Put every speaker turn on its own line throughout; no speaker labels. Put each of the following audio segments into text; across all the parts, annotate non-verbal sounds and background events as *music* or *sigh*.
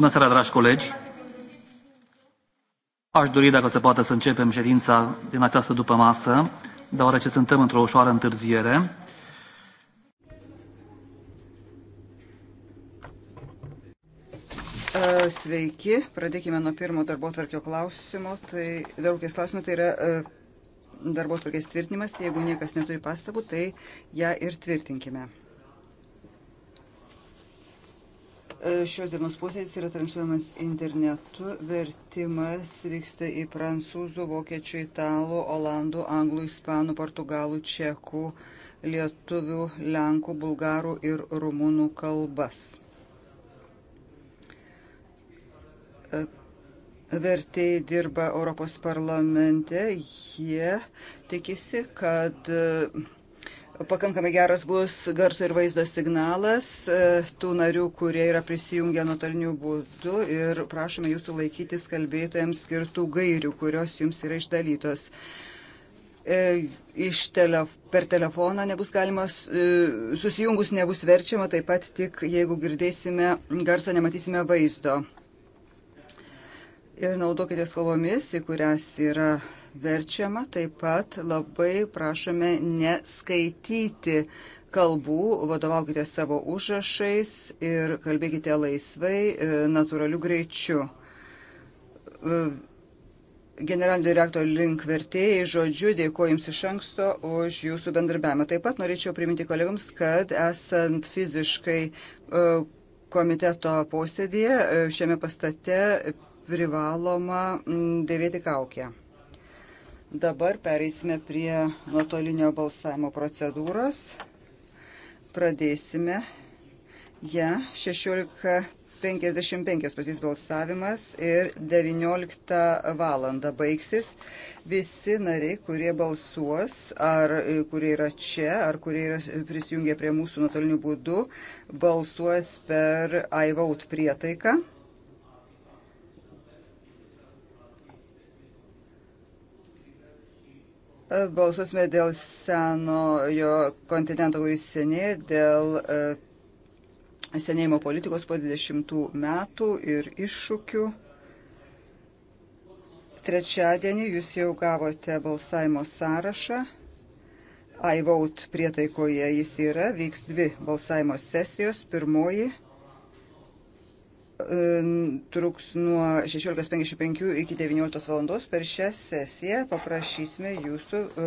Bună seara, dragi colegi! Aș dori, dacă se poate, să începem ședința din această dupămasă, deoarece suntem într-o ușoară întârziere.
Uh, sveiki, pradėkime nuo pirmo darbo tvarkio klausimo. Tai darbotvarkės klausimų tai yra uh, darbo tvarkės tvirtinimas. Jeigu niekas neturi pastabų, tai ją ir tvirtinkime. E, šios dienos posėdis yra transliuojamas internetu, vertimas vyksta į prancūzų, vokiečių, italų, olandų, anglų, ispanų, portugalų, čekų, lietuvių, lenkų, bulgarų ir rumunų kalbas. E, vertėjai dirba Europos parlamente, jie tikisi, kad Pakankamai geras bus garso ir vaizdo signalas e, tų narių, kurie yra prisijungę nuotoliniu būdu ir prašome jūsų laikytis kalbėtojams skirtų gairių, kurios jums yra išdalytos. E, iš tele, per telefoną nebus galima, e, susijungus nebus verčiama, taip pat tik jeigu girdėsime garso, nematysime vaizdo. Ir naudokite kalbomis, į kurias yra verčiama, taip pat labai prašome neskaityti kalbų, vadovaukite savo užrašais ir kalbėkite laisvai, e, natūraliu greičiu. E, generalinio direktorio link vertėjai žodžiu dėkoju Jums iš anksto už Jūsų bendarbiavimą. Taip pat norėčiau priminti kolegams, kad esant fiziškai e, komiteto posėdėje šiame pastate privaloma dėvėti kaukę. Dabar pereisime prie nuotolinio balsavimo procedūros. Pradėsime ją ja, 16.55 pasys balsavimas ir 19 valandą baigsis. Visi nariai, kurie balsuos, ar kurie yra čia, ar kurie yra prisijungę prie mūsų nuotolinių būdų, balsuos per iVote prietaiką. E, balsuosime dėl senojo kontinento, kuris senėja, dėl e, senėjimo politikos po 20 metų ir iššūkių. Trečiadienį jūs jau gavote balsavimo sąrašą. iVote prietaikoje jis yra, vyks dvi balsavimo sesijos. Pirmoji E, truks nuo 16.55 iki 19 valandos. Per šią sesiją paprašysime jūsų e,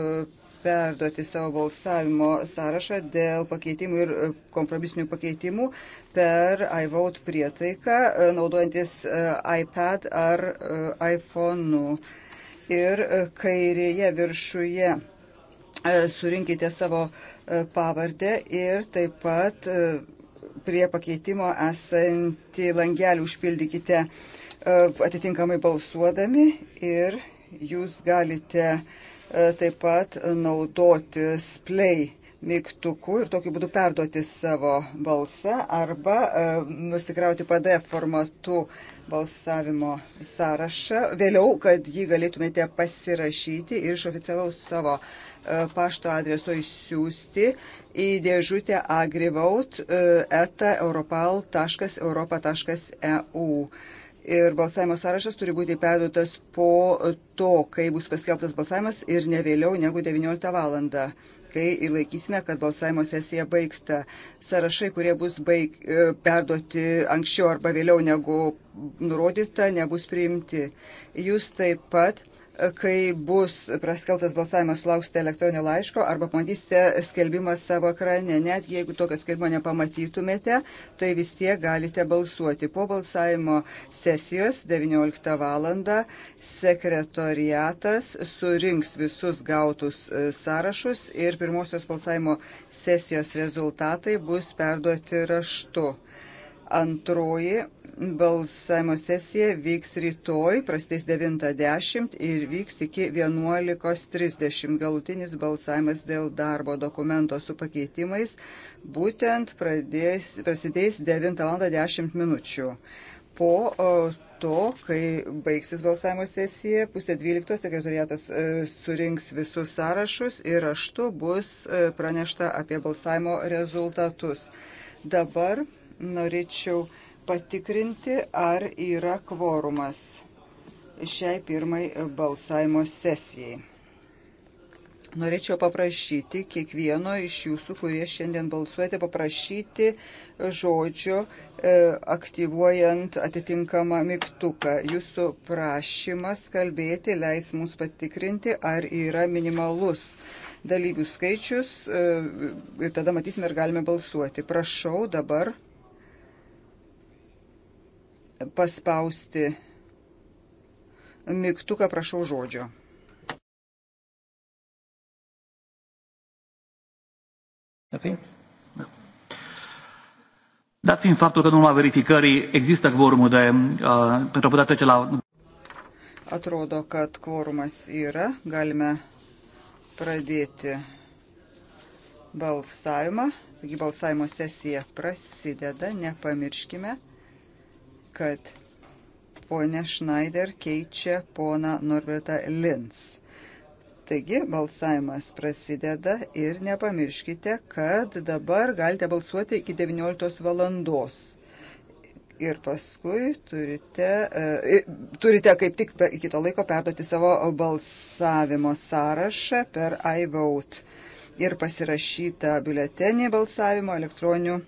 perduoti savo balsavimo sąrašą dėl pakeitimų ir e, kompromisinių pakeitimų per iVote prietaiką, naudojantis iPad ar iPhone'u. Ir kairėje viršuje surinkite savo pavardę ir taip pat prie pakeitimo esantį langelį užpildykite e, atitinkamai balsuodami ir jūs galite e, taip pat naudotis play mygtuku ir tokiu būdu perduoti savo balsą arba e, nusikrauti PDF formatu balsavimo sąrašą vėliau, kad jį galėtumėte pasirašyti iš oficialaus savo pašto adreso išsiųsti į dėžutę agrivaut e, eta europal.europa.eu. Ir balsavimo sąrašas turi būti perduotas po to, kai bus paskelbtas balsavimas ir ne vėliau negu 19 valandą kai įlaikysime, kad balsavimo sesija baigta. Sąrašai, kurie bus baig, e, perduoti anksčiau arba vėliau negu nurodyta, nebus priimti. Jūs taip pat kai bus praskeltas balsavimas, sulauksite elektroninio laiško arba pamatysite skelbimą savo ekrane. Net jeigu tokio skelbimo nepamatytumėte, tai vis tiek galite balsuoti. Po balsavimo sesijos 19 val. sekretoriatas surinks visus gautus e, sąrašus ir pirmosios balsavimo sesijos rezultatai bus perduoti raštu. Antroji Balsavimo sesija vyks rytoj, prastais 9.10 ir vyks iki 11.30. Galutinis balsavimas dėl darbo dokumento su pakeitimais būtent pradės, prasidės 9.10 minučių. Po o, to, kai baigsis balsavimo sesija, pusė 12 sekretariatas e, surinks visus sąrašus ir raštu bus e, pranešta apie balsavimo rezultatus. Dabar norėčiau patikrinti, ar yra kvorumas šiai pirmai balsavimo sesijai. Norėčiau paprašyti kiekvieno iš jūsų, kurie šiandien balsuojate, paprašyti žodžio e, aktyvuojant atitinkamą mygtuką. Jūsų prašymas kalbėti leis mums patikrinti, ar yra minimalus dalyvių skaičius e, ir tada matysime, ar galime balsuoti. Prašau dabar
paspausti mygtuką, prašau žodžio. Nothing? No. Dat fiind faptul că în urma verificării există quorumul de,
uh, pentru a putea trece la...
Atrodo, kad kvorumas yra, galime pradėti balsavimą. Taigi balsavimo sesija prasideda, nepamirškime kad ponia Schneider keičia poną Norbertą Lins. Taigi balsavimas prasideda ir nepamirškite, kad dabar galite balsuoti iki 19 valandos. Ir paskui turite, e, turite kaip tik iki to laiko perduoti savo balsavimo sąrašą per iVote ir pasirašytą biuletenį balsavimo elektroniniu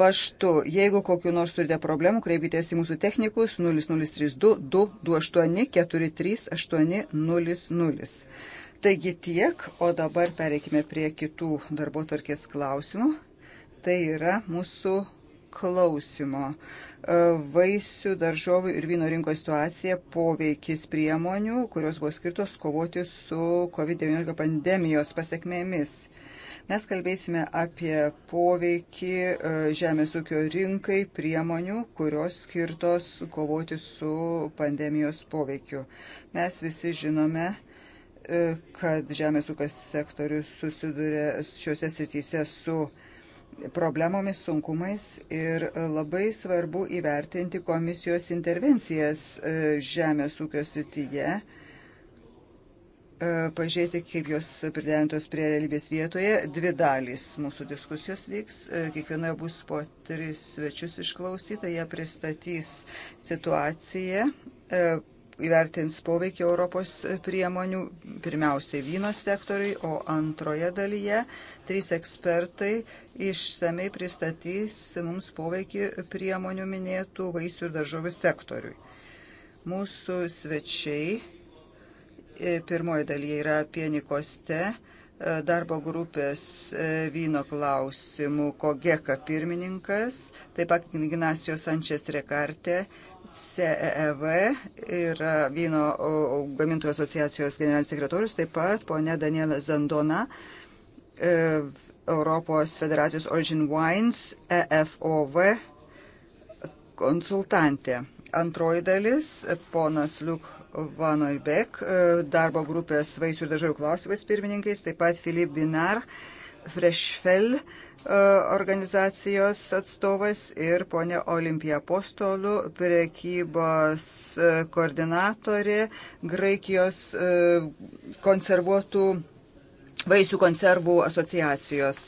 paštu. Jeigu kokiu nors turite problemų, kreipkitės į mūsų technikus 0032 228 438 00. Taigi tiek, o dabar pereikime prie kitų darbo tarkės klausimų. Tai yra mūsų klausimo. E, vaisių, daržovių ir vyno rinkos situacija poveikis priemonių, kurios buvo skirtos kovoti su COVID-19 pandemijos pasiekmėmis. Mes kalbėsime apie poveikį e, žemės ūkio rinkai priemonių, kurios skirtos kovoti su pandemijos poveikiu. Mes visi žinome, e, kad žemės ūkio sektorius susiduria šiuose srityse su problemomis, sunkumais ir labai svarbu įvertinti komisijos intervencijas e, žemės ūkio srityje E, pažiūrėti, kaip jos pridėlintos prie realybės vietoje. Dvi dalys mūsų diskusijos vyks. E, kiekvienoje bus po tris svečius išklausyta. Jie pristatys situaciją, e, įvertins poveikį Europos priemonių, pirmiausiai vyno sektoriui, o antroje dalyje trys ekspertai išsamei pristatys mums poveikį priemonių minėtų vaisių ir daržovių sektoriui. Mūsų svečiai E, pirmoji dalyje yra pienikoste e, darbo grupės e, vyno klausimų Kogeka pirmininkas, taip pat Ignacio Sančias Rekartė, CEV ir vyno gamintojų asociacijos generalinis sekretorius, taip pat ponė Daniela Zandona, Europos federacijos Origin Wines, EFOV konsultantė. Antroji dalis, ponas Liuk Van Oibek, e, darbo grupės vaisių ir dažarių klausimais pirmininkais, taip pat Filip Binar, Freshfell e, organizacijos atstovas ir ponė Olimpija Postolų, prekybos e, koordinatorė Graikijos konservuotų vaisių konservų asociacijos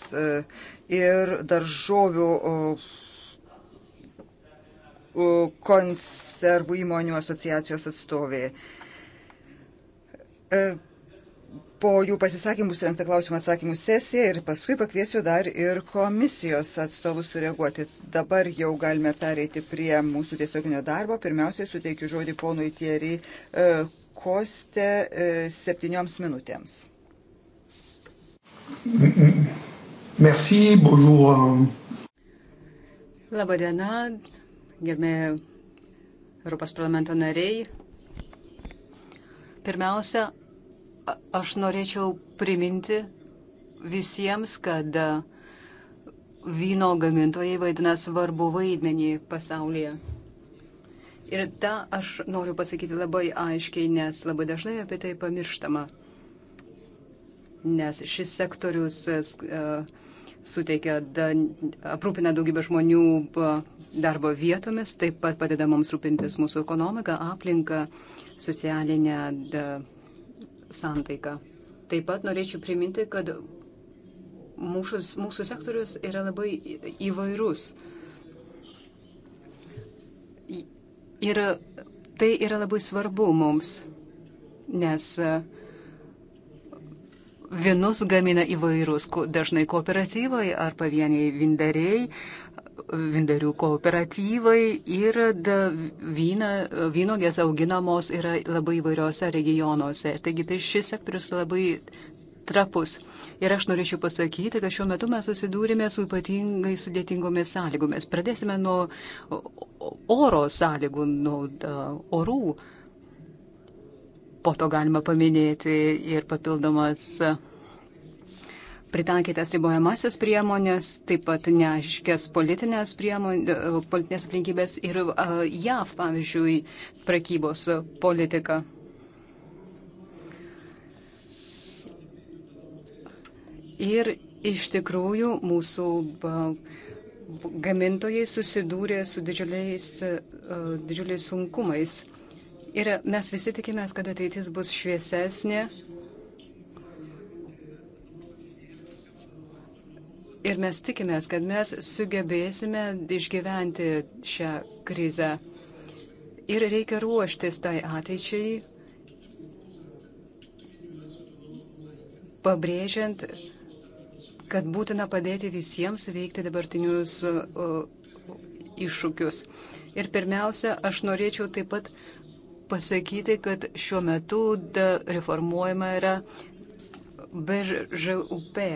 ir daržovių konservų įmonių asociacijos atstovė. E, po jų pasisakymų surinkta klausimų atsakymų sesija ir paskui pakviesiu dar ir komisijos atstovus sureaguoti. Dabar jau galime pereiti prie mūsų tiesioginio darbo. Pirmiausiai suteikiu žodį ponui Tieriai e, Koste e, septynioms minutėms.
Merci, bonjour.
Labadiena, gerbėjai Europos parlamento nariai, pirmiausia, aš norėčiau priminti visiems, kad vyno gamintojai vaidina svarbu vaidmenį pasaulyje. Ir tą aš noriu pasakyti labai aiškiai, nes labai dažnai apie tai pamirštama. Nes šis sektorius uh, suteikia, da, aprūpina daugybę žmonių darbo vietomis, taip pat padeda mums rūpintis mūsų ekonomiką, aplinką, socialinę santaiką. Taip pat norėčiau priminti, kad mūsų, mūsų sektorius yra labai įvairus. Ir tai yra labai svarbu mums, nes e, vinus gamina įvairūs, dažnai kooperatyvai ar pavieniai vindariai, vindarių kooperatyvai ir vyna, vynogės auginamos yra labai įvairiose regionuose. Taigi tai šis sektorius labai trapus. Ir aš norėčiau pasakyti, kad šiuo metu mes susidūrėme su ypatingai sudėtingomis sąlygomis. Pradėsime nuo oro sąlygų, nuo orų. Po to galima paminėti ir papildomas pritaikytas ribojamasis priemonės, taip pat neaiškės politinės, priemonės, e, politinės aplinkybės ir uh, JAV, pavyzdžiui, prekybos politika. Ir iš tikrųjų mūsų e, gamintojai susidūrė su didžiuliais, uh, didžiuliais sunkumais. Ir mes visi tikimės, kad ateitis bus šviesesnė Ir mes tikimės, kad mes sugebėsime išgyventi šią krizę. Ir reikia ruoštis tai ateičiai, pabrėžiant, kad būtina padėti visiems veikti dabartinius iššūkius. Ir pirmiausia, aš norėčiau taip pat pasakyti, kad šiuo metu reformuojama yra BŽUP.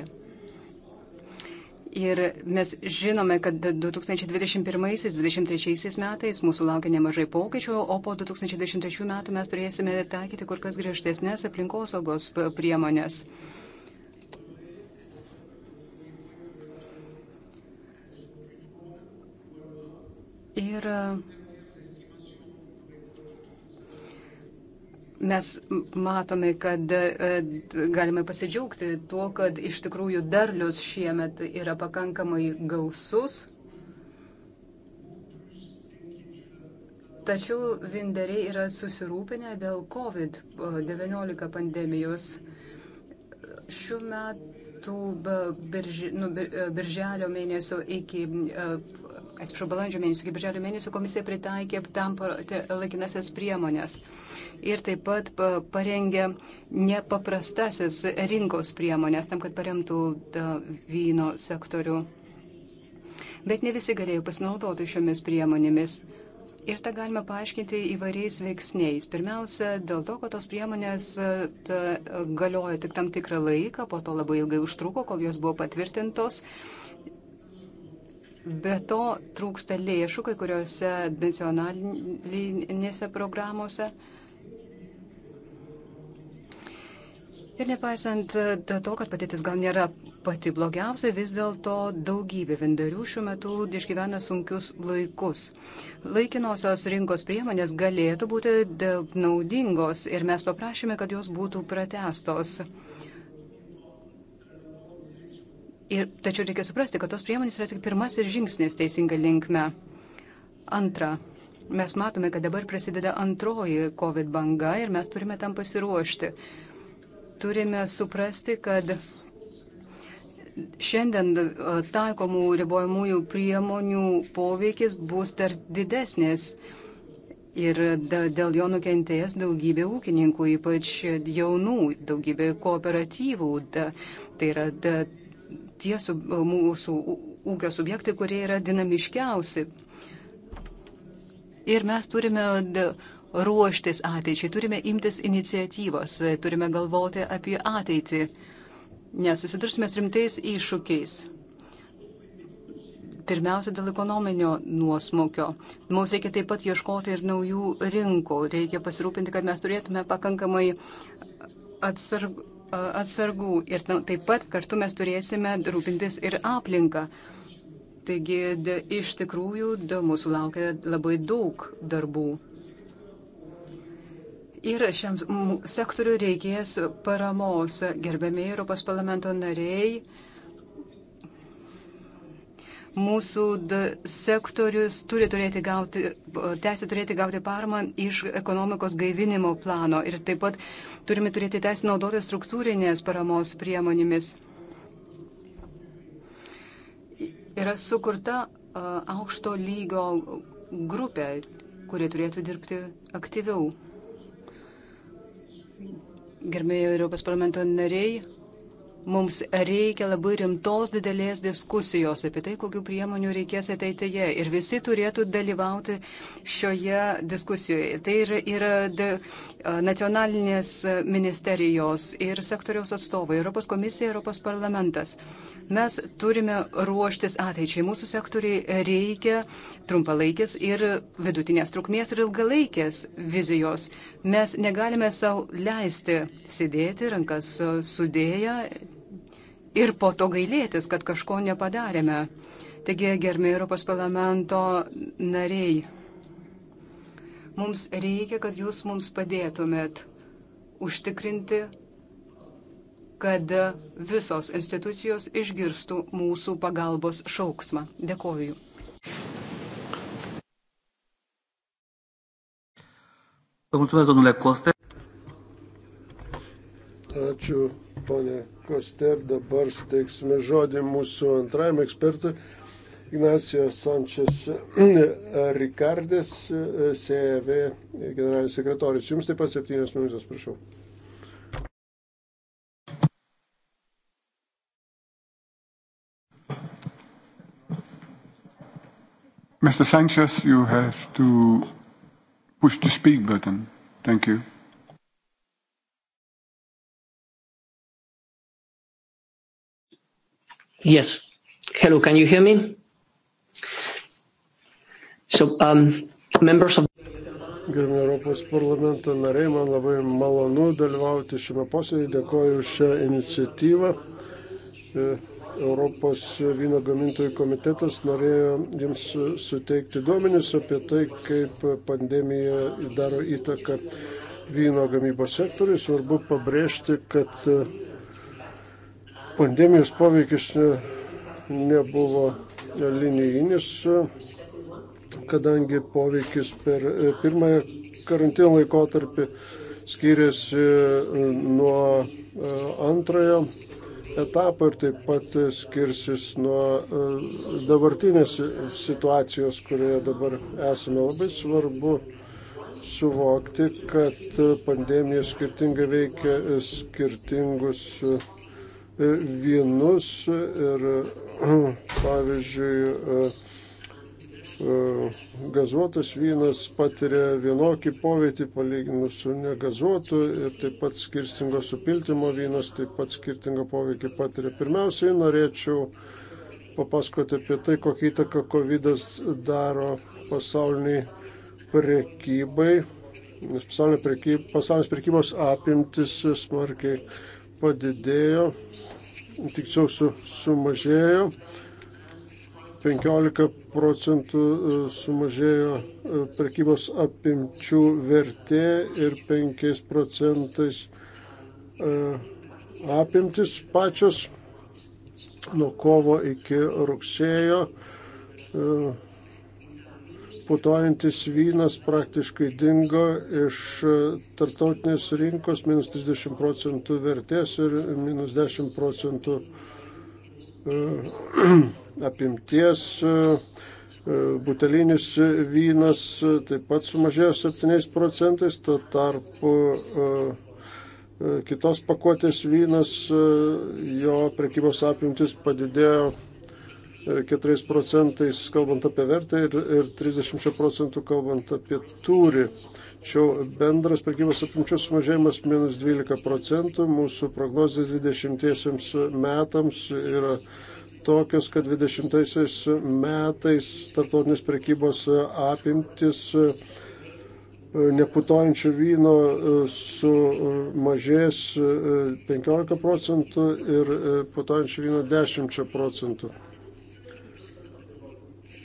Ir mes žinome, kad 2021-2023 metais mūsų laukia nemažai pokyčių, o po 2023 metų mes turėsime taikyti kur kas griežtesnės aplinkosaugos priemonės. Ir uh, mes matome, kad e, galime pasidžiaugti tuo, kad iš tikrųjų derlius šiemet yra pakankamai gausus. Tačiau vinderiai yra susirūpinę dėl COVID-19 pandemijos. Šiuo metu birži, nu, e, birželio mėnesio iki, e, atsiprašau, balandžio mėnesio iki birželio mėnesio komisija pritaikė tam laikinasias priemonės. Uh, ir taip pat parengė nepaprastasis rinkos priemonės tam, kad paremtų vyno sektorių. Bet ne visi galėjo pasinaudoti šiomis priemonėmis. Ir tą galime paaiškinti įvairiais veiksniais. Pirmiausia, dėl to, kad tos priemonės ta, galiojo tik tam tikrą laiką, po to labai ilgai užtruko, kol jos buvo patvirtintos. Be to trūksta lėšų kai kuriuose nacionalinėse programuose. Ir nepaisant e, to, kad patėtis gal nėra pati blogiausia, vis dėlto daugybė vendorių šiuo metu išgyvena sunkius laikus. Laikinosios rinkos priemonės galėtų būti naudingos ir mes paprašėme, kad jos būtų pratestos. Ir, tačiau reikia suprasti, kad tos priemonės yra tik pirmasis žingsnis teisinga linkme. Antra, mes matome, kad dabar prasideda antroji COVID banga ir mes turime tam pasiruošti turime suprasti, kad šiandien e, taikomų ribojamųjų priemonių poveikis bus dar didesnis. Ir dėl jo nukentės daugybė ūkininkų, ypač jaunų, daugybė kooperatyvų. Da, tai yra da, tie su, e, mūsų ūkio subjektai, kurie yra dinamiškiausi. Ir mes turime da, ruoštis ateičiai, turime imtis iniciatyvos, turime galvoti apie ateitį, nes susidursime su rimtais iššūkiais. Pirmiausia, dėl ekonominio nuosmukio. Mums reikia taip pat ieškoti ir naujų rinkų. Reikia pasirūpinti, kad mes turėtume pakankamai atsarg, atsargų. Ir taip pat kartu mes turėsime rūpintis ir aplinką. Taigi, de, iš tikrųjų, de, mūsų laukia labai daug darbų. Ir šiam sektoriu reikės paramos, gerbėmiai Europos parlamento nariai. Mūsų sektorius turi turėti gauti, teisė turėti gauti paramą iš ekonomikos gaivinimo plano ir taip pat turime turėti teisę naudoti struktūrinės paramos priemonėmis. Yra sukurta aukšto lygo grupė, kurie turėtų dirbti aktyviau gerbėjai Europos parlamento nariai, Mums reikia labai rimtos didelės diskusijos apie tai, kokiu priemonių reikės ateityje. Ir visi turėtų dalyvauti šioje diskusijoje. Tai yra, yra de, nacionalinės ministerijos ir sektoriaus atstovai, Europos komisija, Europos parlamentas. Mes turime ruoštis ateičiai. Mūsų sektoriai reikia trumpalaikės ir vidutinės trukmės ir ilgalaikės vizijos. Mes negalime savo leisti sėdėti rankas sudėję ir po to gailėtis, kad kažko nepadarėme. Taigi, gerbė Europos parlamento nariai, mums reikia, kad jūs mums padėtumėt užtikrinti, kad visos institucijos išgirstų mūsų pagalbos šauksmą. Dėkoju.
Mulțumesc, domnule Coste.
Ačiū, ponė Koster. Dabar steiksime žodį mūsų antrajam ekspertui. Ignacio Sančias *clears throat* Ricardės, CEV generalinis sekretorius. Jums taip pat septynios minutės, prašau.
Mr. Sanchez, you have to push the speak button. Thank you. Yes. Hello, can you hear me? So, um,
members of
Gerbimi Europos parlamento nariai, man labai malonu dalyvauti šiame posėdėje, dėkoju už šią iniciatyvą. E, Europos vyno gamintojų komitetas norėjo jums suteikti duomenis apie tai, kaip pandemija daro įtaką vyno gamybos sektoriui. Svarbu pabrėžti, kad pandemijos poveikis e, nebuvo e, linijinis, e, kadangi poveikis per pirmąją karantino laikotarpį skiriasi nuo antrojo etapo ir taip pat skirsis nuo dabartinės situacijos, kurioje dabar esame. Labai svarbu suvokti, kad pandemija skirtingai veikia skirtingus E, vienus ir, *clears throat* pavyzdžiui, e, e, gazuotas vynas patiria vienokį poveikį palyginus su negazuotu ir taip pat skirtingo supiltimo vynas taip pat skirtingą poveikį patiria. Pirmiausiai norėčiau papasakoti apie tai, kokį įtaką COVID daro pasauliniai prekybai, nes pasaulio prekyb, pasaulinės prekybos apimtis smarkiai padidėjo, tiksliau su, sumažėjo. 15 procentų e, sumažėjo e, prekybos apimčių vertė ir 5 procentais e, apimtis pačios nuo kovo iki rugsėjo putojantis vynas praktiškai dingo iš e, tartautinės rinkos minus 30 procentų vertės ir minus 10 procentų e, *clears throat* apimties. E, butelinis vynas taip pat sumažėjo 7 procentais, tuo tarpu kitos pakuotės vynas, jo prekybos apimtis padidėjo 4 procentais kalbant apie vertę ir, ir 30 procentų kalbant apie tūrį. Tačiau bendras prekybos apimčių sumažėjimas minus 12 procentų, mūsų prognozijas 20 metams yra tokios, kad 20 metais tarptautinės prekybos apimtis e, neputojančių vyno e, sumažės 15 e, procentų ir putojančių vyno 10 procentų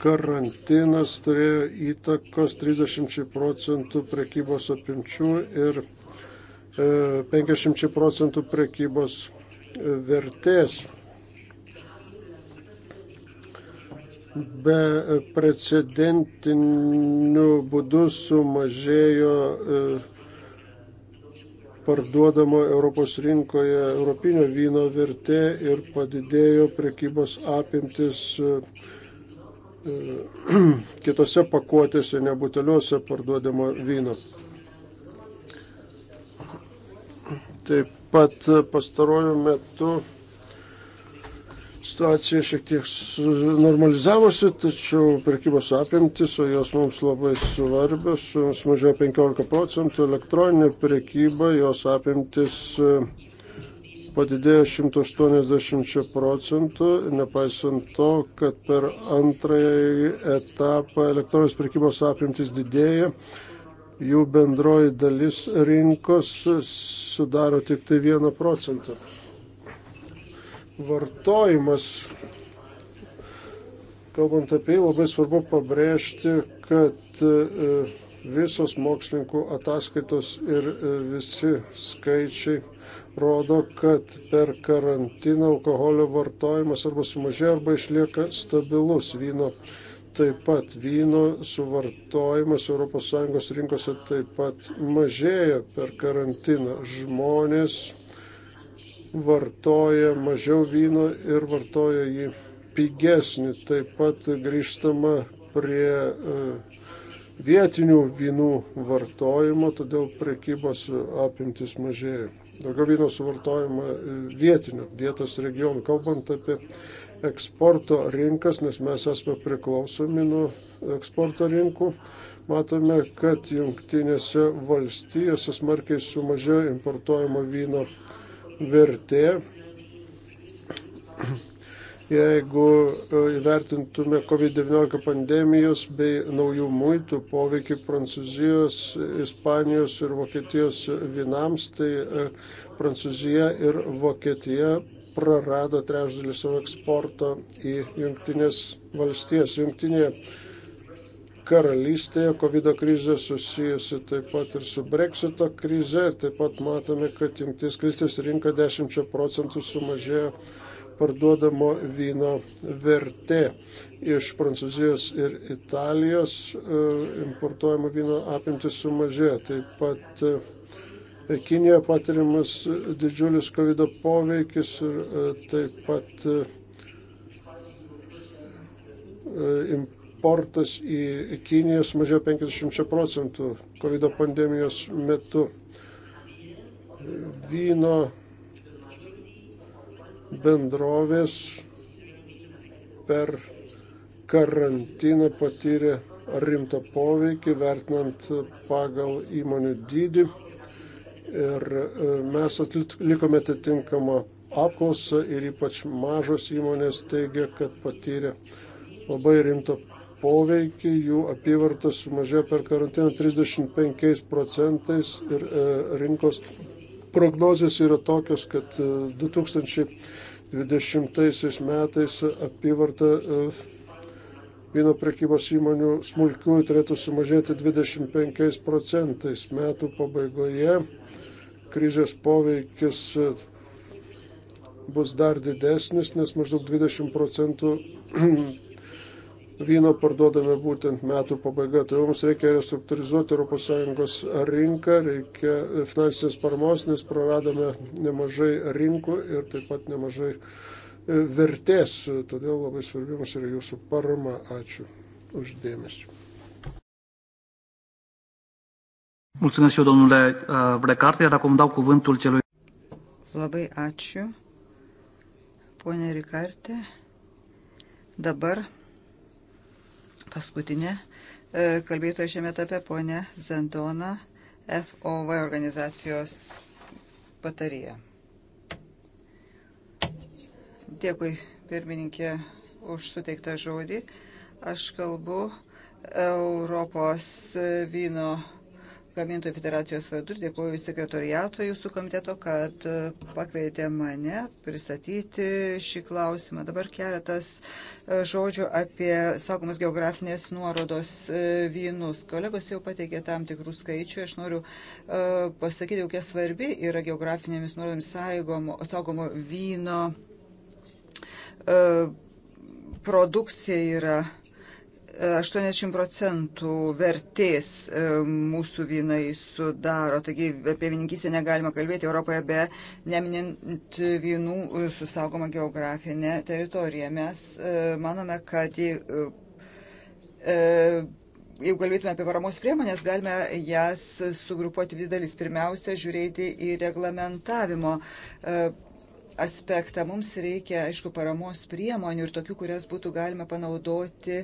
karantinas turėjo įtakos 30 procentų prekybos apimčių ir 50 e, procentų prekybos e, vertės. Be e, precedentinių būdų sumažėjo parduodamo Europos rinkoje europinio vyno vertė ir padidėjo prekybos apimtis *clears throat* kitose pakuotėse, nebuteliuose parduodamo vyno. Taip pat pastarojų metų situacija šiek tiek normalizavosi, tačiau prekybos apimtis, o jos mums labai svarbios, sumažėjo 15 procentų, elektroninė prekyba, jos apimtis padidėjo 180 procentų, nepaisant to, kad per antrąjį etapą elektroninės prekybos apimtis didėja, jų bendroji dalis rinkos sudaro tik tai 1 procentą. Vartojimas, kalbant apie jį, labai svarbu pabrėžti, kad e, visos mokslininkų ataskaitos ir e, visi skaičiai rodo, kad per karantiną alkoholio vartojimas arba sumažėja, arba išlieka stabilus vyno. Taip pat vyno suvartojimas ES rinkose taip pat mažėja per karantiną. Žmonės vartoja mažiau vyno ir vartoja jį pigesnį. Taip pat grįžtama prie uh, vietinių vynų vartojimo, todėl prekybos apimtis mažėja daugiau vyno suvartojama e, vietiniu, vietos regionu. Kalbant apie eksporto rinkas, nes mes esame priklausomi nuo eksporto rinkų, matome, kad jungtinėse valstijose smarkiai sumažėjo importuojamo vyno vertė. Jeigu e, įvertintume COVID-19 pandemijos bei naujų muitų poveikį Prancūzijos, Ispanijos ir Vokietijos vienams, tai e, Prancūzija ir Vokietija prarado trečdalį savo eksporto į Junktinės valstijas. Junktinėje karalystėje COVID krizė susijusi taip pat ir su Brexito krize ir taip pat matome, kad jungtinės kristės rinka 10 procentų sumažėjo parduodamo vyno vertė. Iš Prancūzijos ir Italijos e, importuojamo vyno apimtis sumažėjo. Taip pat e, Kinijoje patiriamas didžiulis COVID poveikis ir e, taip pat importas į Kiniją sumažėjo 50 procentų COVID pandemijos metu. Vyno bendrovės per karantiną patyrė rimtą poveikį, vertinant pagal įmonių dydį. Ir e, mes atlikome atitinkamą apklausą ir ypač mažos įmonės teigia, kad patyrė labai rimtą poveikį, jų apyvartas sumažėjo per karantiną 35 procentais ir e, rinkos prognozijas yra tokios, kad 2020 e, metais apyvarta e, vyno prekybos įmonių smulkiųjų turėtų sumažėti 25 procentais metų pabaigoje. Krizės poveikis e, bus dar didesnis, nes maždaug 20 procentų vyno parduodame būtent metų pabaiga. Tai mums reikia restruktūrizuoti ES rinką, reikia finansinės paramos, nes praradame nemažai rinkų ir taip pat nemažai e, vertės. Todėl labai svarbi mums yra jūsų parama. Ačiū uždėmesi.
Mulțumesc și eu, domnule Brecarte, e, iar acum dau cuvântul celui.
Labai ačiū, ponė Rikarte. Dabar paskutinė e, kalbėtoja šiame etape ponė Zendona, FOV organizacijos patarėja. Dėkui, pirmininkė, už suteiktą žodį. Aš kalbu Europos vyno gamintojų federacijos vardu ir dėkuoju sekretoriato jūsų komiteto, kad e, pakvietė mane pristatyti šį klausimą. Dabar keletas e, žodžių apie saugomas geografinės nuorodos e, vynus. Kolegos jau pateikė tam tikrų skaičių. Aš noriu pasakyti, kokia svarbi yra geografinėmis nuorodomis saugomo, saugomo vyno produkcija yra 80 procentų vertės e, mūsų vynai sudaro, taigi apie vininkystę negalima kalbėti Europoje be neminint vynų e, su saugoma geografinė teritorija. Mes e, manome, kad jį, jeigu kalbėtume apie paramos priemonės, galime jas sugrupuoti dvi dalis. Pirmiausia, žiūrėti į reglamentavimo aspektą. Mums reikia, aišku, paramos priemonių ir tokių, kurias būtų galima panaudoti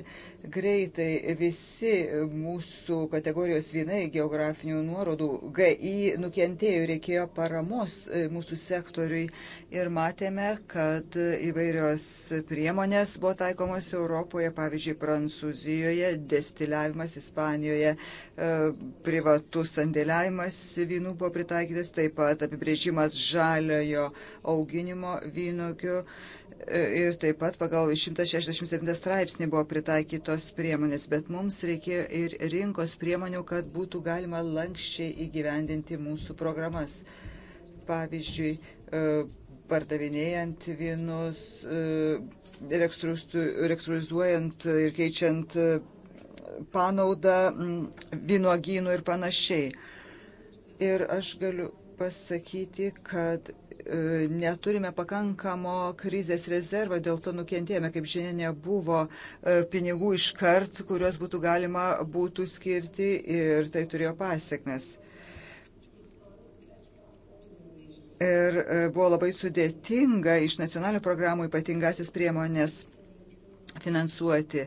greitai. Visi mūsų kategorijos vienai geografinių nuorodų GI nukentėjo, reikėjo paramos e, mūsų sektoriui ir matėme, kad įvairios priemonės buvo taikomos Europoje, pavyzdžiui, Prancūzijoje, destiliavimas Ispanijoje, e, privatus sandėliavimas vynų buvo pritaikytas, taip pat apibrėžimas žaliojo auginimo auginimo vynogių e, ir taip pat pagal 167 straipsnį buvo pritaikytos priemonės, bet mums reikėjo ir rinkos priemonių, kad būtų galima lankščiai įgyvendinti mūsų programas. Pavyzdžiui, e, pardavinėjant vynus, e, rekstruizuojant ir keičiant panaudą vynogynų ir panašiai. Ir aš galiu pasakyti, kad neturime pakankamo krizės rezervo, dėl to nukentėjome, kaip žinia, nebuvo e, pinigų iškart, kuriuos būtų galima būtų skirti ir tai turėjo pasiekmes. Ir e, buvo labai sudėtinga iš nacionalinių programų ypatingasis priemonės finansuoti.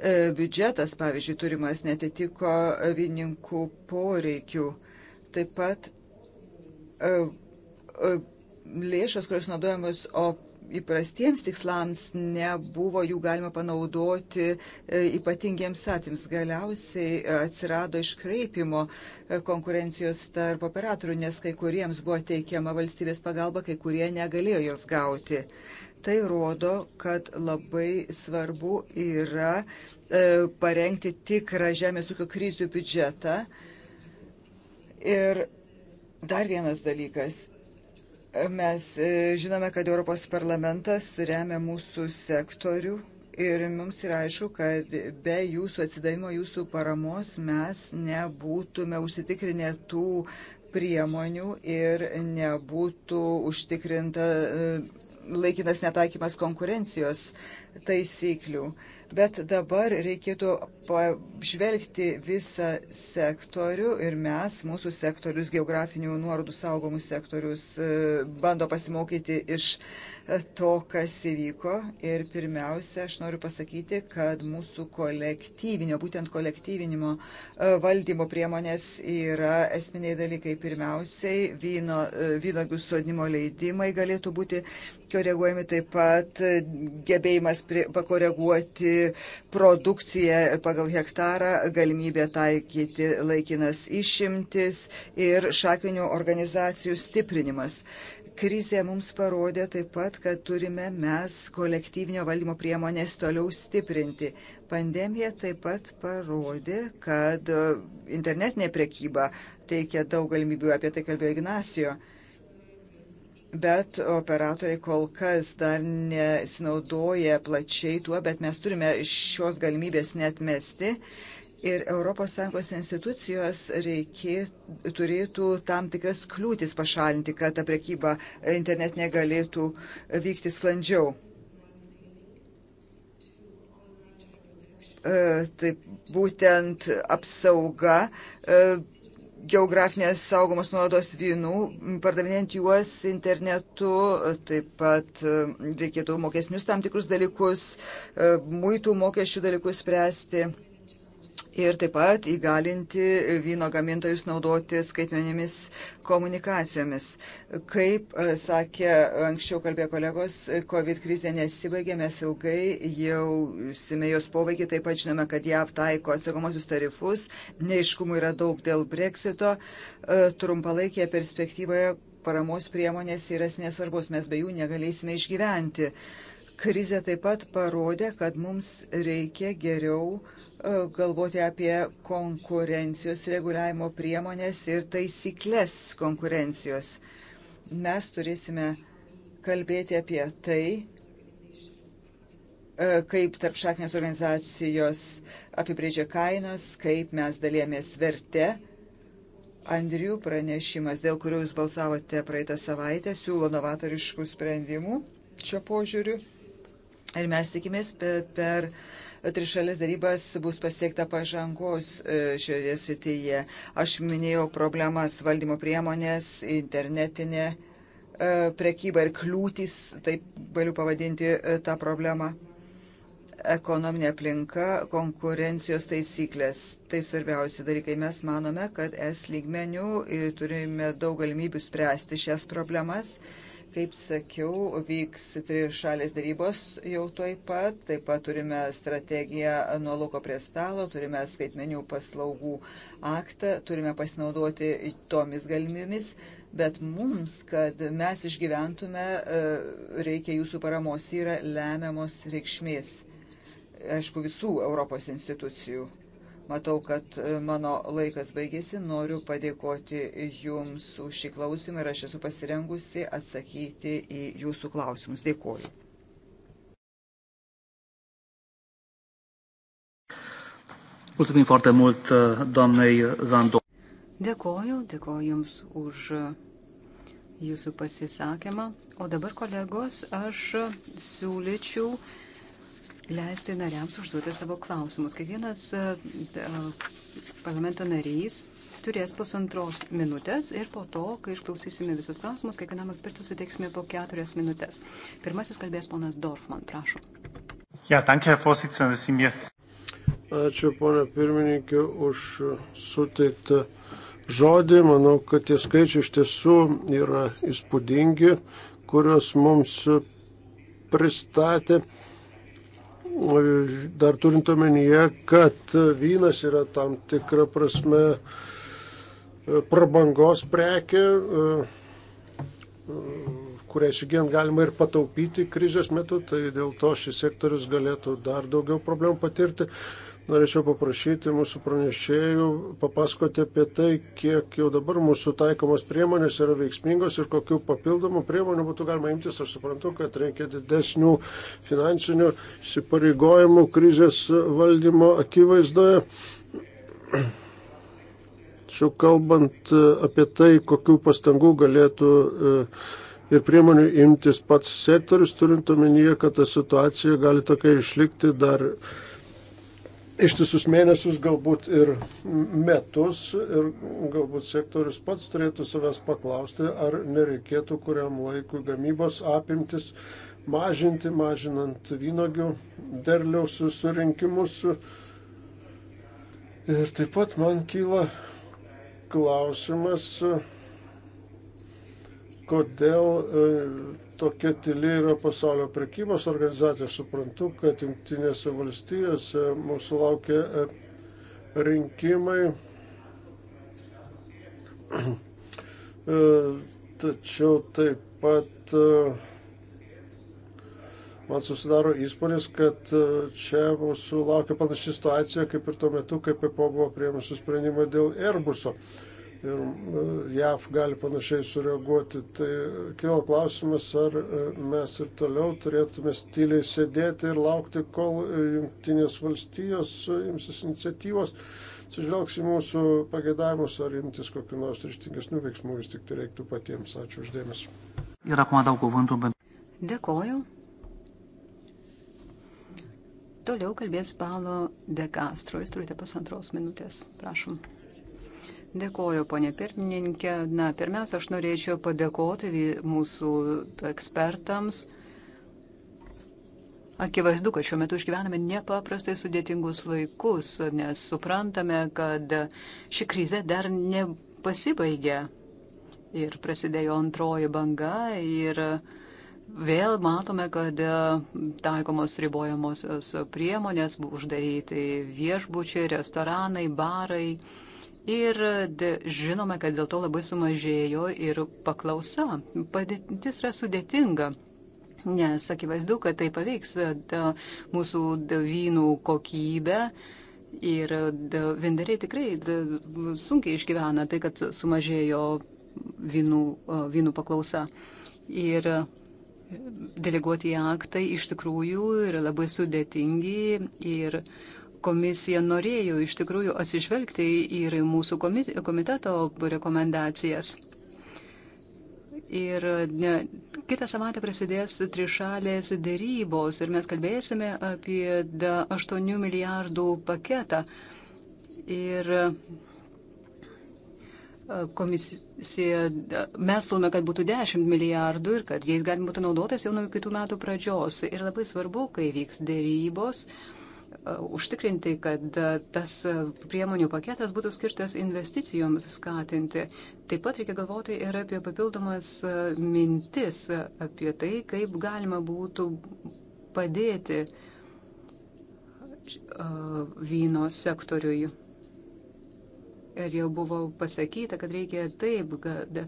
E, biudžetas, pavyzdžiui, turimas netitiko vininkų poreikių. Taip pat lėšos, kurios naudojamos įprastiems tikslams, nebuvo jų galima panaudoti e, ypatingiems atims. Galiausiai e, atsirado iškreipimo e, konkurencijos tarp operatorių, nes kai kuriems buvo teikiama valstybės pagalba, kai kurie negalėjo jos gauti. Tai rodo, kad labai svarbu yra parengti tikrą žemės ūkio krizių biudžetą. Ir dar vienas dalykas Mes e, žinome, kad Europos parlamentas remia mūsų sektorių ir mums yra aišku, kad be jūsų atsidavimo, jūsų paramos mes nebūtume užsitikrinę tų priemonių ir nebūtų užtikrinta e, laikinas netaikymas konkurencijos taisyklių bet dabar reikėtų pažvelgti visą sektorių ir mes, mūsų sektorius, geografinių nuorodų saugomų sektorius, e, bando pasimokyti iš to, kas įvyko. Ir pirmiausia, aš noriu pasakyti, kad mūsų kolektyvinio, būtent kolektyvinimo e, valdymo priemonės yra esminiai dalykai. Pirmiausiai, vyno, e, vynogių sodinimo leidimai galėtų būti koreguojami taip pat e, gebėjimas prie, pakoreguoti produkciją pagal hektarą, galimybė taikyti laikinas išimtis ir šakinių organizacijų stiprinimas. Uh, Krizė mums parodė taip pat, kad turime mes kolektyvinio valdymo priemonės toliau stiprinti. Pandemija taip pat parodė, kad e, internetinė prekyba teikia daug galimybių, apie tai kalbėjo Ignacijo. Bet operatoriai kol kas dar nesinaudoja plačiai tuo, bet mes turime šios galimybės net mesti. Ir ES institucijos reikė, turėtų tam tikras kliūtis pašalinti, kad ta prekyba internetinė galėtų vykti sklandžiau. E, taip, būtent apsauga e, geografinės saugomos nuodos vynų, pardavinėjant juos internetu, taip pat e, reikėtų mokesnius tam tikrus dalykus, muitų mokesčių dalykus spręsti ir taip pat įgalinti vyno gamintojus naudoti skaitmenėmis komunikacijomis. Kaip e, sakė anksčiau kalbė kolegos, COVID krizė nesibaigė, mes ilgai jau sime jos poveikį, taip pat žinome, kad jie aptaiko atsakomosius tarifus, neiškumų yra daug dėl breksito, e, trumpalaikėje perspektyvoje paramos priemonės yra nesvarbus, mes be jų negalėsime išgyventi. Uh, Krizė taip pat parodė, kad mums reikia geriau e, galvoti apie konkurencijos reguliavimo priemonės ir taisyklės konkurencijos. Mes turėsime kalbėti apie tai, e, kaip tarpšaknės organizacijos apibrėžia kainos, kaip mes dalėmės verte. Andrių pranešimas, dėl kurio jūs balsavote praeitą savaitę, siūlo novatoriškų sprendimų šio požiūriu. Ir mes tikimės, bet per trišalės darybas bus pasiekta pažangos e, šioje srityje. Aš minėjau problemas valdymo priemonės, internetinė e, prekyba ir kliūtis, taip galiu pavadinti e, tą problemą ekonominė aplinka, konkurencijos taisyklės. Tai svarbiausi dalykai. Mes manome, kad es lygmenių turime daug galimybių spręsti šias problemas. Kaip sakiau, vyks trišalės darybos jau toj pat, taip pat turime strategiją nuo lauko prie stalo, turime skaitmenių paslaugų aktą, turime pasinaudoti tomis galimybėmis, bet mums, kad mes išgyventume, e, reikia jūsų paramos, yra lemiamos reikšmės, aišku, visų Europos institucijų. Matau, kad e, mano laikas baigėsi. Noriu padėkoti Jums už šį klausimą ir aš esu pasirengusi atsakyti į Jūsų klausimus. Dėkuoju.
Mulțumim foarte mult e, doamnei Zando.
Dėkoju, dėkoju Jums už Jūsų pasisakymą. O dabar, kolegos, aš siūlyčiau leisti nariams užduoti savo klausimus. Kiekvienas e, e, parlamento narys turės pusantros minutės ir po to, kai išklausysime visus klausimus, kiekvienam ekspertui suteiksime po keturias minutės. Pirmasis kalbės ponas Dorfman, prašom.
Ja, danke, Herr Vorsitzender, dass Sie mir.
Ačiū, ponia pirmininkė, už suteiktą žodį. Manau, kad tie skaičiai iš tiesų yra įspūdingi, kuriuos mums pristatė dar turint omenyje, kad vynas yra tam tikra prasme e, prabangos prekė, e, e, kurią įsigijant galima ir pataupyti krizės metu, tai dėl to šis sektorius galėtų dar daugiau problemų patirti. Norėčiau paprašyti mūsų pranešėjų papasakoti apie tai, kiek jau dabar mūsų taikomos priemonės yra veiksmingos ir kokiu papildomu priemonių būtų galima imtis. Aš suprantu, kad reikia didesnių finansinių įsipareigojimų krizės valdymo akivaizdoje. Tačiau kalbant e, apie tai, kokiu pastangų galėtų e, ir priemonių imtis pats sektorius, turint omenyje, kad ta situacija gali tokia išlikti dar ištisus mėnesius, galbūt ir metus, ir galbūt sektorius pats turėtų savęs paklausti, ar nereikėtų kuriam laikui gamybos apimtis mažinti, mažinant vynogių derliaus surinkimus. Ir taip pat man kyla klausimas, kodėl e, tokia tyli yra pasaulio prekybos organizacija. Aš suprantu, kad jungtinėse valstijose mūsų laukia e, rinkimai. E, tačiau taip pat e, man susidaro įspūdis, kad čia mūsų laukia panaši situacija kaip ir tuo metu, kai PPO buvo prieimusi sprendimą dėl Airbuso. E ir nu, JAV gali panašiai sureaguoti. Tai kilo klausimas, ar e, mes ir toliau turėtume tyliai sėdėti ir laukti, kol e, Junktinės valstijos e, imsis iniciatyvos, atsižvelgs į mūsų pagėdavimus ar imtis kokiu nors ryštingesnių veiksmų, vis tik tai reiktų patiems. Ačiū uždėmesi.
Ir apmadau kovantų bendrų.
Dėkoju. Toliau kalbės Paulo De Castro. Jūs turite pusantros minutės. Prašom. Dėkoju, ponė pirmininkė. Na, pirmiausia, aš norėčiau padėkoti mūsų ekspertams. Akivaizdu, kad šiuo metu išgyvename nepaprastai sudėtingus laikus, nes suprantame, kad ši krize dar nepasibaigė. Ir prasidėjo antroji banga ir vėl matome, kad taikomos ribojamosios priemonės, uždaryti viešbučiai, restoranai, barai. Ir žinome, kad dėl to labai sumažėjo ir paklausa. Padėtis yra sudėtinga. Nes akivaizdu, kad tai paveiks mūsų vynų kokybę. Ir venderiai tikrai sunkiai išgyvena tai, kad sumažėjo vynų, vynų paklausa. Ir deleguoti aktai iš tikrųjų yra labai sudėtingi ir uh, komisija norėjo iš tikrųjų atsižvelgti ir mūsų komiteto rekomendacijas. Ir ne, kitą savaitę prasidės trišalės dėrybos ir mes kalbėsime apie 8 milijardų paketą. Ir komisija, mes suome, kad būtų 10 milijardų ir kad jais galima būtų naudotis jau nuo kitų metų pradžios. Ir labai svarbu, kai vyks dėrybos, uh, E, užtikrinti, kad e, tas e, priemonių paketas būtų skirtas investicijoms skatinti. Taip pat reikia galvoti ir apie papildomas mintis, apie tai, kaip galima būtų padėti vyno sektoriui. Ir jau buvo pasakyta, kad reikia taip, kad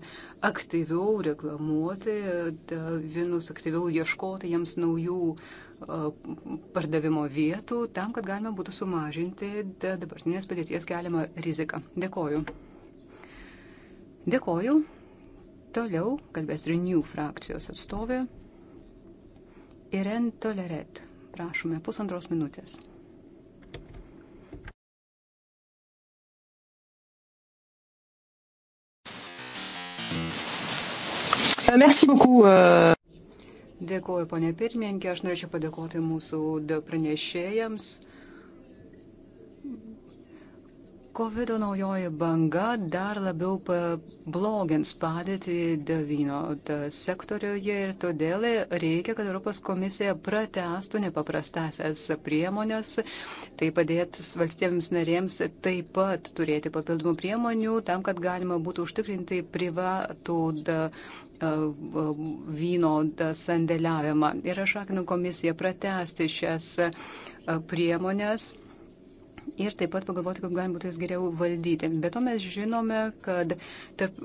aktyviau reklamuoti vynus, aktyviau ieškoti jiems naujų uh, pardavimo vietų tam, kad galima būtų sumažinti dabartinės padėties keliamą riziką. Dėkoju. Dėkoju. Toliau kalbės Renew frakcijos atstovė Iren Toleret. Prašome pusantros
minutės. Merci beaucoup.
Euh, Dėkuoju, ponė pirmininkė. Aš norėčiau padėkoti mūsų pranešėjams. COVID naujoji banga dar labiau blogins padėtį vyno sektoriuje ir todėl reikia, kad Europos komisija pratestų nepaprastasias priemonės. Tai padėtų valstybėms narėms taip pat turėti papildomų priemonių tam, kad galima būtų užtikrinti privatų vyno sandėliavimą. Ir aš akinu komisiją pratesti šias priemonės ir taip pat pagalvoti, kaip galima būtų jas geriau valdyti. Bet to mes žinome, kad tarp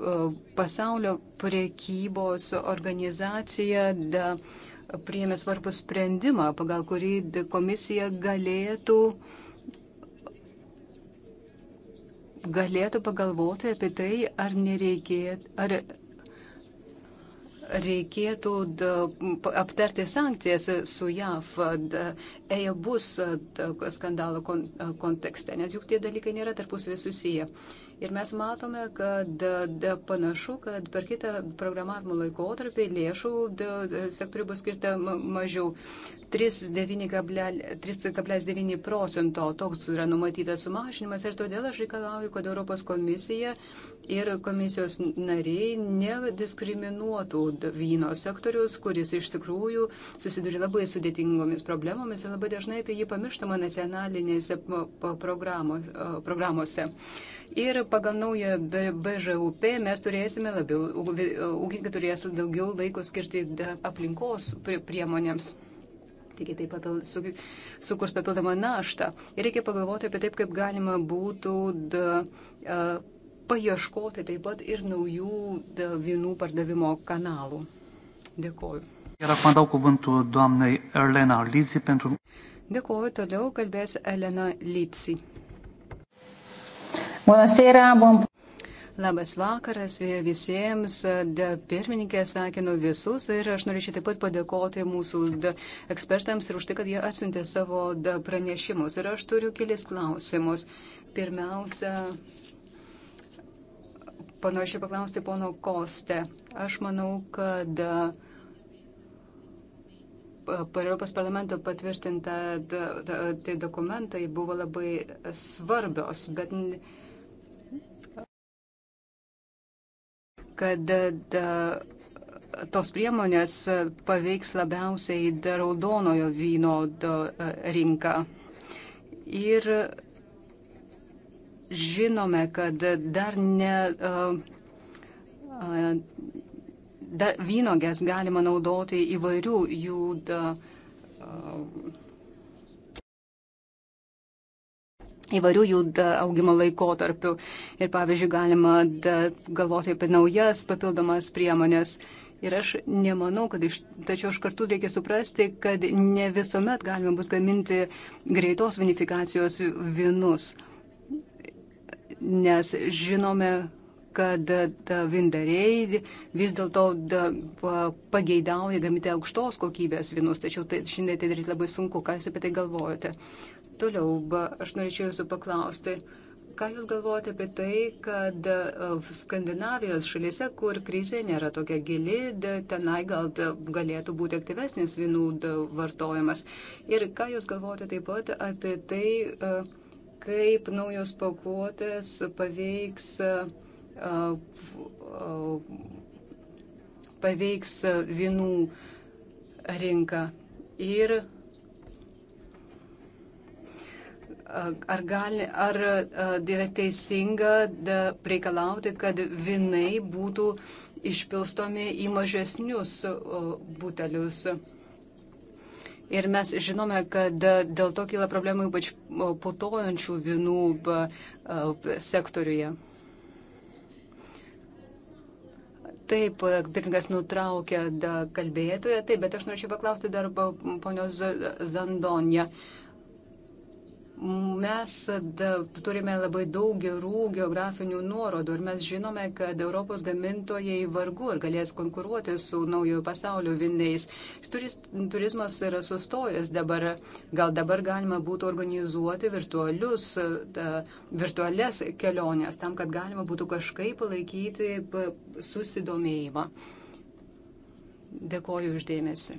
pasaulio priekybos organizacija da, priėmė svarbų sprendimą, pagal kurį komisija galėtų galėtų pagalvoti apie tai, ar nereikėtų, ar reikėtų aptarti sankcijas su JAV eja bus skandalo kontekste, nes juk tie dalykai nėra tarpusavį susiję. Ir mes matome, kad da, panašu, kad per kitą programavimo laikotarpį lėšų sektoriui bus skirta mažiau. 3,9 procento toks yra numatytas sumažinimas ir todėl aš reikalauju, kad Europos komisija ir komisijos nariai nediskriminuotų vyno sektorius, kuris iš tikrųjų susiduria labai sudėtingomis problemomis ir labai dažnai apie jį pamirštama nacionalinėse programos, programose. Ir pagal naują BŽUP mes turėsime labiau, ūkininkai turės daugiau laiko skirti aplinkos priemonėms. Taigi tai papil, su, sukurs papildomą naštą. Ir reikia pagalvoti apie taip, kaip galima būtų da, a, paieškoti taip pat ir naujų da, vynų pardavimo kanalų. Dėkoju.
Ir acum dau cuvântul doamnei Elena Lizi pentru...
Dėkoju, toliau kalbės Elena Lizi. Buonasera, buon. Labas vakaras visiems, pirmininkė sveikinu visus ir aš norėčiau taip pat padėkoti mūsų ekspertams ir už tai, kad jie atsiuntė savo pranešimus. Ir aš turiu kelis klausimus. Pirmiausia, panorėčiau paklausti pono Koste. Aš manau, kad Europos parlamento patvirtinta tie dokumentai buvo labai svarbios, bet kad tos priemonės paveiks labiausiai raudonojo vyno rinką. Ir žinome, kad dar ne. Dar vynogės galima naudoti įvairių jų da, uh, įvairių jų augimo laikotarpių. Ir pavyzdžiui, galima galvoti apie naujas papildomas priemonės. Ir aš nemanau, kad iš, tačiau aš kartu reikia suprasti, kad ne visuomet galima bus gaminti greitos vinifikacijos vinus. Nes žinome, kad vindariai vis dėlto pageidauja gaminti aukštos kokybės vinus, tačiau tai, šiandien tai daryti labai sunku. Ką Jūs apie tai galvojate? Uh, Toliau, aš norėčiau jūsų paklausti, ką jūs galvojate apie tai, kad e, Skandinavijos šalyse, kur krizė nėra tokia gili, tenai gal galėtų būti aktyvesnis vynų vartojimas. Ir ką jūs galvojate taip pat apie tai, e, kaip naujos pakuotės paveiks, e, paveiks vynų rinką. Ir Ar, gali, ar e, tai yra teisinga reikalauti, kad vinai būtų išpilstomi į mažesnius butelius? Ir mes žinome, kad dėl to kyla problemų ypač putojančių vinų e, sektoriuje. Taip, pirmininkas nutraukė kalbėtoje, taip, bet aš norėčiau paklausti dar ponios Zandonė. Uh, Mes da, turime labai daug gerų geografinių nuorodų ir mes žinome, kad Europos gamintojai vargu ar galės konkuruoti su naujojo pasaulio viniais. Turist, turizmas yra sustojęs dabar. Gal dabar galima būtų organizuoti virtualius, da, virtualias keliones tam, kad galima būtų kažkaip palaikyti susidomėjimą. Dėkoju uždėmesi.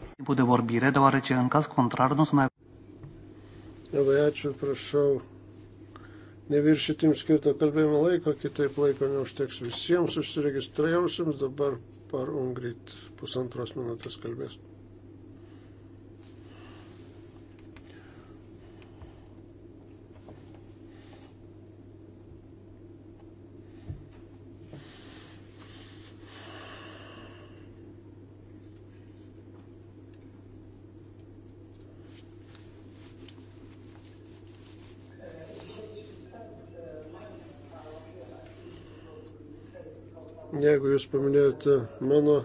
Labai ačiū, prašau. Neviršyti jums skirto kalbėjimo laiko, kitaip laiko neužteks visiems užsiregistravusiems. Dabar par Ungrit pusantros minutės kalbės. Jeigu jūs paminėjote mano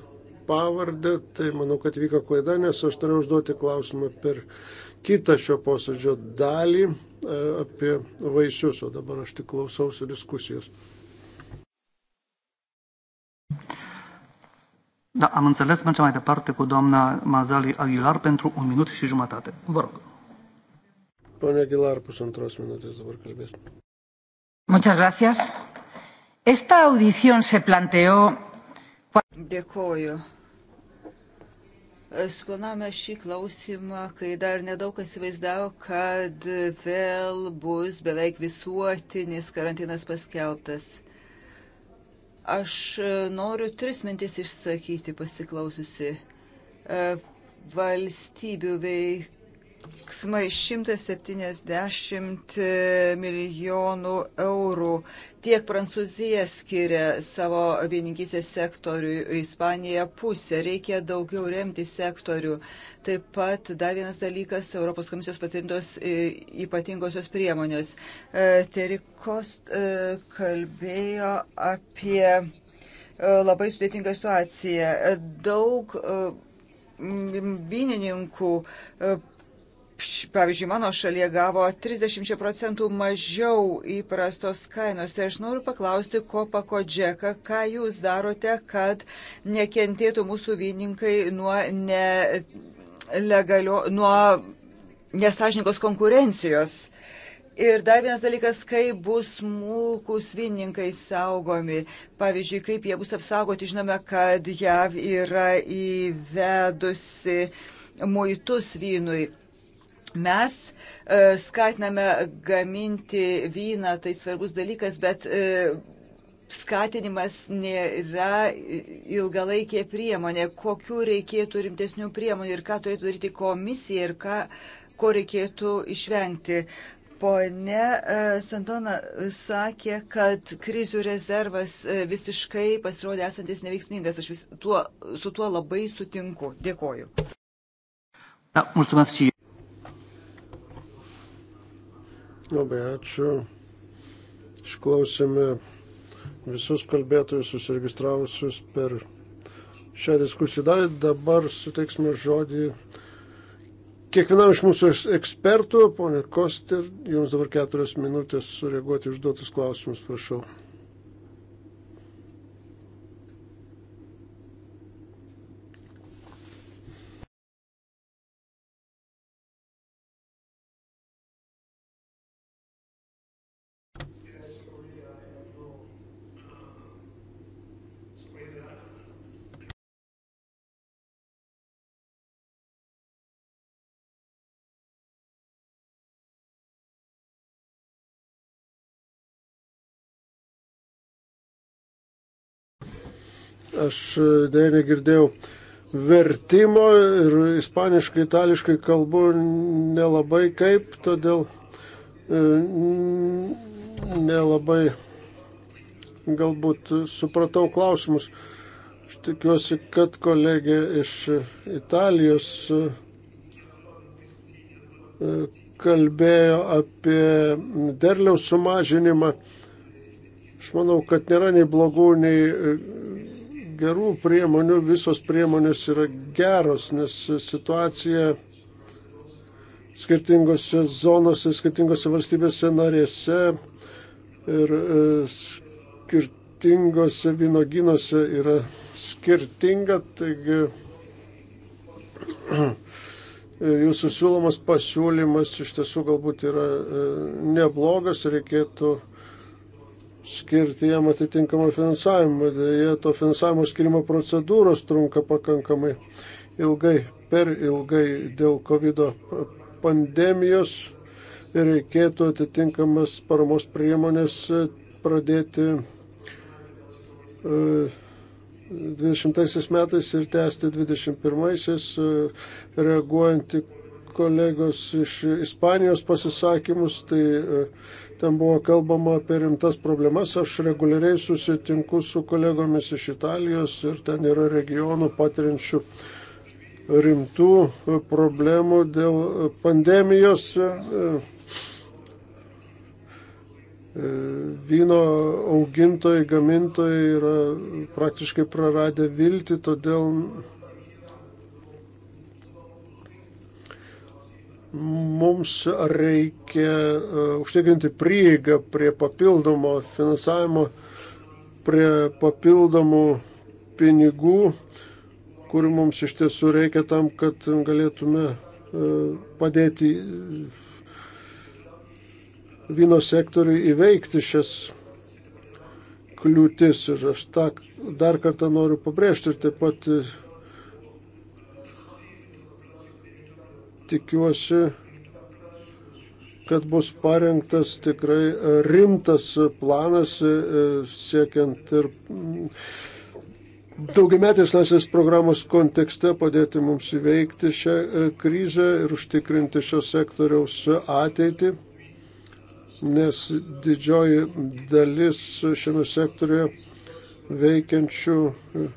pavardę, tai manau, kad vyko klaida, nes aš turėjau užduoti klausimą per kitą šio posėdžio dalį e, apie vaisius, o dabar aš tik klausausi diskusijos.
Da, am înțeles. Mergem mai departe cu doamna Mazali Aguilar pentru un minut și jumătate. Vă rog.
Doamna Aguilar, pusantros minutės dabar kalbės.
Muchas gracias.
Esta audición se planteó. Dėkoju.
Suplanavome šį klausimą, kai dar nedaug kas įvaizdavo, kad vėl bus beveik visuotinis karantinas paskelbtas. Aš noriu tris mintis išsakyti pasiklausiusi e, valstybių veik veiksmai 170 e, milijonų eurų. Tiek Prancūzija skiria savo vieningysės sektoriui, Ispanija pusė, reikia daugiau remti sektorių. Taip pat dar vienas dalykas - Europos komisijos patvirtintos e, ypatingosios priemonės. E, Terikos kalbėjo apie labai sudėtingą situaciją. Daug vynininkų pavyzdžiui, mano šalyje gavo 30 procentų mažiau įprastos kainos. Tai aš noriu paklausti, ko pako džeka, ką jūs darote, kad nekentėtų mūsų vyninkai nuo, ne, legalio, nuo nesažininkos konkurencijos. Ir dar vienas dalykas, kaip bus smulkus vininkai saugomi. Pavyzdžiui, kaip jie bus apsaugoti, žinome, kad JAV yra įvedusi muitus vynui Mes e, skatiname gaminti vyną, tai svarbus dalykas, bet e, skatinimas nėra ilgalaikė priemonė, kokiu reikėtų rimtesnių priemonių ir ką turėtų daryti komisija ir ką, ko reikėtų išvengti. Pone e, Santona sakė, kad krizių rezervas visiškai pasirodė esantis neveiksmingas. Aš vis, tuo, su tuo labai sutinku. Dėkoju.
Da, mulțumesc și
Labai ačiū. Išklausėme visus kalbėtojus susiregistravusius per šią diskusiją. Dabar suteiksime žodį kiekvienam iš mūsų ekspertų. Pone Koster, jums dabar keturias minutės sureaguoti užduotus klausimus, prašau.
Aš e, dėja negirdėjau
vertimo ir ispaniškai, itališkai kalbu nelabai kaip, todėl e, nelabai galbūt supratau klausimus. Aš tikiuosi, kad kolegė iš Italijos e, kalbėjo apie derliaus sumažinimą. Aš manau, kad nėra nei blogų, nei gerų priemonių, visos priemonės yra geros, nes situacija skirtingose zonose, skirtingose valstybėse narėse ir e, skirtingose vynoginose yra skirtinga. Taigi e, jūsų siūlomas pasiūlymas iš tiesų galbūt yra e, neblogas, reikėtų skirti jam atitinkamą finansavimą. Dėja, to finansavimo skirimo procedūros trunka pakankamai ilgai, per ilgai dėl COVID pandemijos ir reikėtų atitinkamas paramos priemonės e, pradėti 20 e, metais ir tęsti 21-aisiais, e, reaguojant į kolegos iš Ispanijos pasisakymus, tai Ten buvo kalbama apie rimtas problemas. Aš reguliariai susitinku su kolegomis iš Italijos ir ten yra regionų patirinčių rimtų problemų dėl pandemijos e, e, vyno augintojai, gamintojai yra praktiškai praradę viltį, todėl mums reikia e, užtikrinti prieigą prie papildomo finansavimo, prie papildomų pinigų, kurių mums iš tiesų reikia tam, kad galėtume e, padėti vyno sektoriui įveikti šias kliūtis. Ir aš tą dar kartą noriu pabrėžti ir taip pat tikiuosi, kad bus parengtas tikrai rimtas planas e, siekiant ir mm, daugiametės finansinės programos kontekste padėti mums įveikti šią e, krizę ir užtikrinti šio sektoriaus ateitį, nes didžioji dalis šiame sektorėje veikiančių e,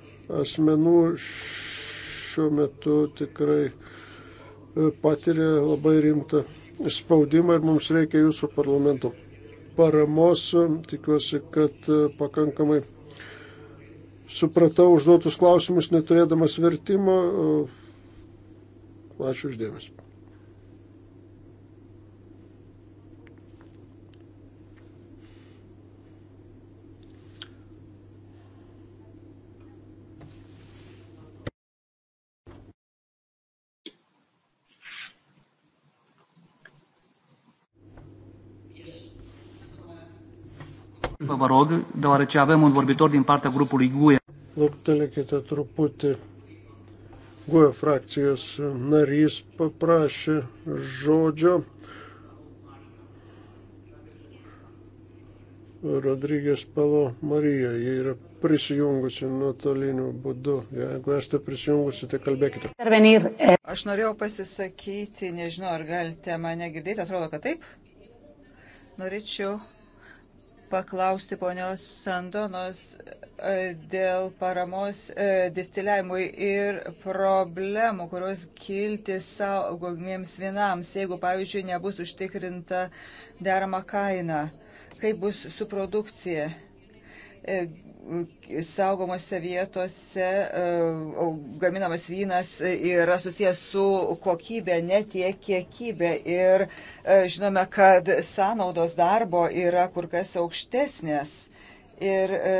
asmenų šiuo metu tikrai uh, patiria labai rimtą spaudimą ir mums reikia jūsų parlamento paramos. Tikiuosi, kad e, pakankamai supratau užduotus klausimus neturėdamas vertimo. E, ačiū uždėmesi.
vă rog, deoarece avem un vorbitor din partea grupului GUE.
Luktelėkite truputį. GUE frakcijos narys paprašė žodžio. Rodrygės Palo Marija, jie yra prisijungusi nuotoliniu būdu. Jeigu esate prisijungusi, tai kalbėkite.
E- Aš norėjau pasisakyti, nežinau, ar galite mane girdėti, atrodo, kad taip. Norėčiau paklausti ponios Sandonos e, dėl paramos e, distiliavimui ir problemų, kurios kilti saugomiems vienams, jeigu, pavyzdžiui, nebus užtikrinta derama kaina, kaip bus su produkcija. E, saugomose vietose e, gaminamas vynas yra susijęs su kokybė, ne tiek kiekybė. Ir e, žinome, kad sąnaudos darbo yra kur kas aukštesnės. Ir e,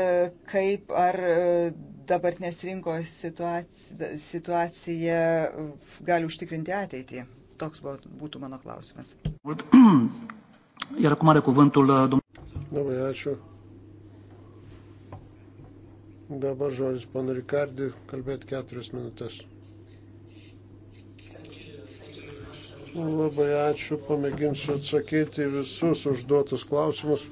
kaip ar dabartinės rinkos situacija, situacija gali užtikrinti ateitį? Toks būtų mano klausimas.
*clears throat* Iar acum are cuvântul uh, domnul. Labai ačiū.
Dabar žodis pana Rikardį, kalbėti keturias minutės. Labai ačiū, pamėginsiu atsakyti visus užduotus klausimus.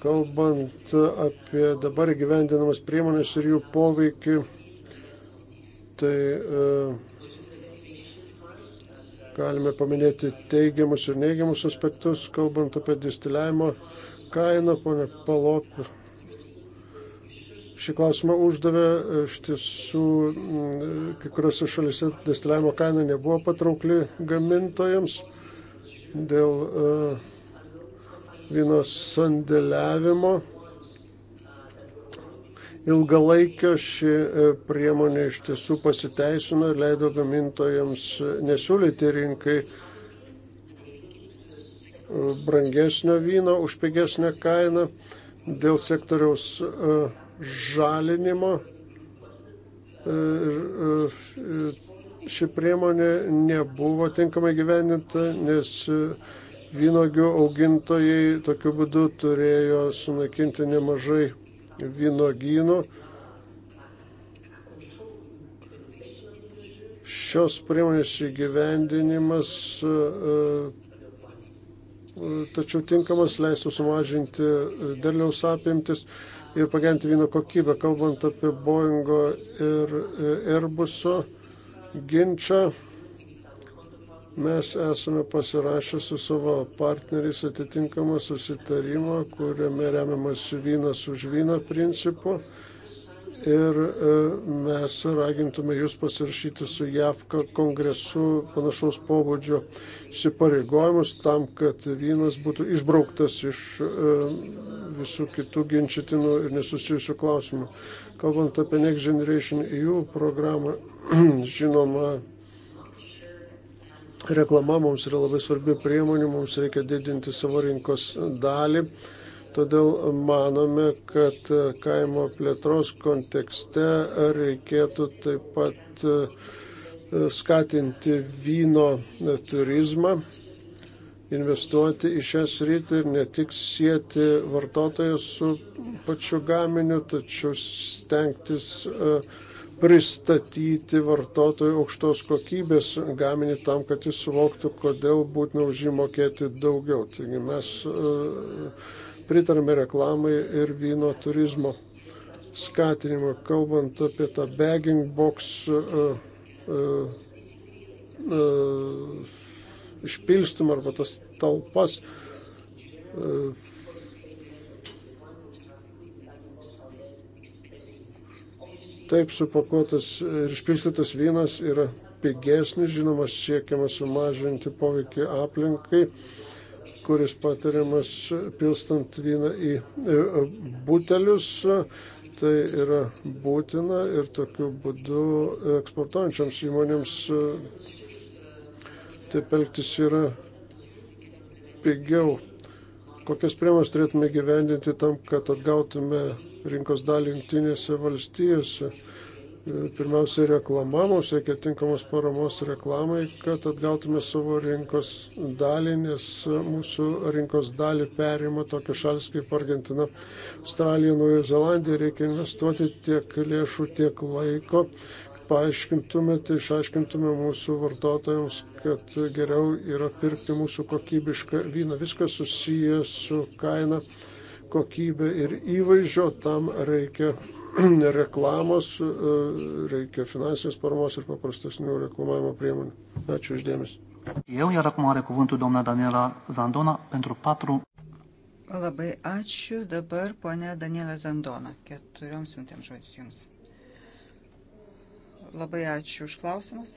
Kalbant apie dabar gyvendinamas priemonės ir jų poveikį, tai e, galime paminėti teigiamus ir neigiamus aspektus, kalbant apie distiliavimo kainą, ponė Palopė šį klausimą uždavė, iš tiesų kai kuriuose šalise destiliavimo kaina nebuvo patraukli gamintojams dėl uh, vyno sandėliavimo. Ilgalaikio ši e, priemonė iš tiesų pasiteisino ir leido gamintojams nesiūlyti rinkai e, brangesnio vyno už pigesnę kainą dėl sektoriaus uh, žalinimo. E, e, ši priemonė nebuvo tinkamai gyveninta, nes vynogių augintojai tokiu būdu turėjo sunaikinti nemažai vynogynų. Šios priemonės įgyvendinimas, e, tačiau tinkamas leistų sumažinti derliaus apimtis ir pagerinti vyno kokybę. Kalbant apie Boeingo ir e, Airbuso ginčą, mes esame pasirašę su savo partneriais atitinkamą susitarimą, kuriame remiamas vynas už vyną principu ir e, mes ragintume jūs pasirašyti su JAV kongresu panašaus pobūdžio įsipareigojimus tam, kad vynas būtų išbrauktas iš e, visų kitų ginčytinų ir nesusijusių klausimų. Kalbant apie Next Generation EU programą, *clears throat* žinoma, reklama mums yra labai svarbi priemonė, mums reikia didinti savo rinkos dalį Todėl manome, kad kaimo plėtros kontekste reikėtų taip pat e, skatinti vyno turizmą, investuoti į šią sritį ir ne tik sieti vartotojus su pačiu gaminiu, tačiau stengtis e, pristatyti vartotojų aukštos kokybės gaminį tam, kad jis suvoktų, kodėl būtina už jį mokėti daugiau. Taigi mes uh, pritarame reklamai ir vyno turizmo skatinimą. Kalbant apie tą bagging box uh, e, uh, e, uh, e, išpilstimą arba tas talpas. Uh, taip supakuotas ir išpilstytas vynas yra pigesnis, žinoma, siekiama sumažinti poveikį aplinkai. Uh, kuris patiriamas pilstant vyną į e, e, butelius. Tai yra būtina ir tokiu būdu eksportuojančiams įmonėms e, taip elgtis yra pigiau. Kokias priemas turėtume gyvendinti tam, kad atgautume rinkos dalį jungtinėse valstijose? E, pirmiausia reklama, mums reikia tinkamos paramos reklamai, kad atgautume savo rinkos dalį, nes mūsų rinkos dalį perima tokios šalis kaip Argentina, Australija, Naujoji Zelandija, reikia investuoti tiek lėšų, tiek laiko, paaiškintumėte, tai išaiškintume mūsų vartotojams, kad geriau yra pirkti mūsų kokybišką vyną. Viskas susijęs su kaina, kokybė ir įvaizdžio, tam reikia *clears throat* reklamos, e, reikia finansinės paramos ir
paprastesnių reklamavimo priemonių. Ačiū uždėmesi.
Eu, iar acum are cuvântul doamna Daniela Zandona pentru 4.
Labai ačiū. Dabar ponia Daniela Zandona. Keturioms minutėms žodis jums. Labai ačiū už klausimus.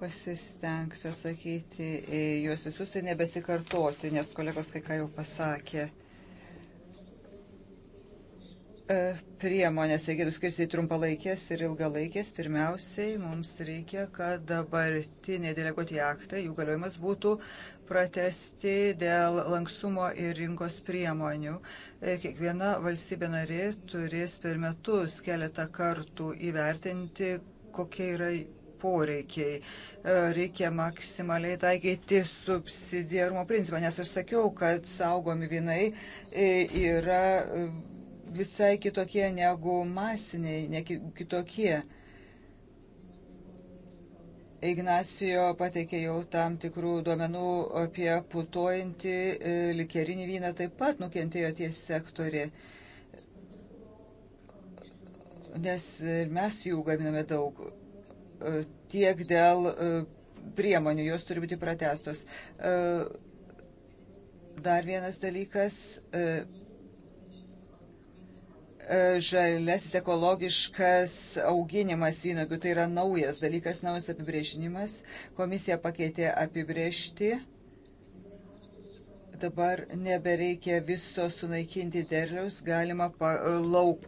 Pasistengsiu atsakyti juos visus ir nebesikartoti, nes kolegos kai ką jau pasakė. E, priemonės reikėtų skirstyti trumpalaikės ir ilgalaikės. Pirmiausiai mums reikia, kad dabartiniai deleguoti aktai, jų galiojimas būtų pratesti dėl lankstumo ir rinkos priemonių. E, kiekviena valstybė narė turės per metus keletą kartų įvertinti, kokie yra poreikiai. E, reikia maksimaliai taikyti subsidiarumo principą, nes aš sakiau, kad saugomi vinai yra visai kitokie negu masiniai, ne kitokie. Ignacijo pateikė jau tam tikrų duomenų apie putojantį e, likerinį vyną, taip pat nukentėjo tie sektoriai, nes ir mes jų gaminame daug e, tiek dėl e, priemonių, jos turi būti pratestos. Dar vienas dalykas E, žalesis ekologiškas auginimas vynogių. Tai yra naujas dalykas, naujas apibrėžinimas. Komisija pakeitė apibrėžti. Dabar nebereikia viso sunaikinti derliaus, galima pa, e, lauk,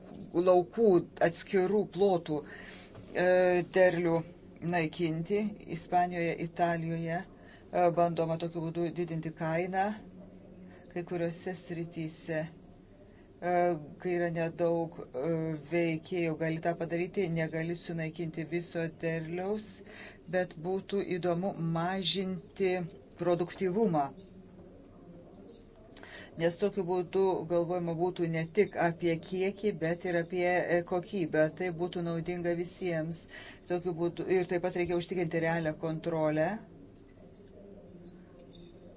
laukų atskirų plotų e, derlių naikinti. Ispanijoje, Italijoje e, bandoma tokiu būdu didinti kainą kai kuriuose srityse E, kai yra nedaug e, veikėjų, gali tą padaryti, negali sunaikinti viso derliaus, bet būtų įdomu mažinti produktyvumą. Nes tokiu būdu galvojama būtų ne tik apie kiekį, bet ir apie e, kokybę. Tai būtų naudinga visiems. Tokiu būdu ir taip pat reikia užtikrinti realią kontrolę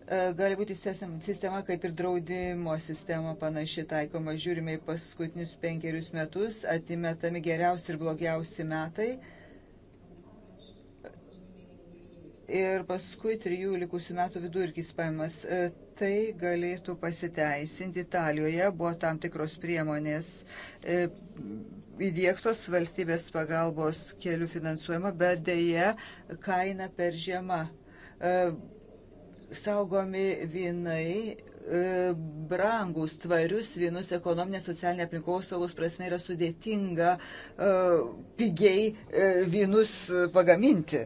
E, gali būti sistema kaip ir draudimo sistema panaši taikoma. Žiūrime į paskutinius penkerius metus, atimetami geriausi ir blogiausi metai. Ir paskui trijų likusių metų vidurkis paimas. E, tai galėtų pasiteisinti. Italijoje buvo tam tikros priemonės e, įdėktos valstybės pagalbos kelių finansuojama, bet dėje kaina per žema saugomi vinai, e, brangus, tvarius vynus ekonominė, socialinė aplinkosaugos prasme yra sudėtinga e, pigiai e, vynus pagaminti.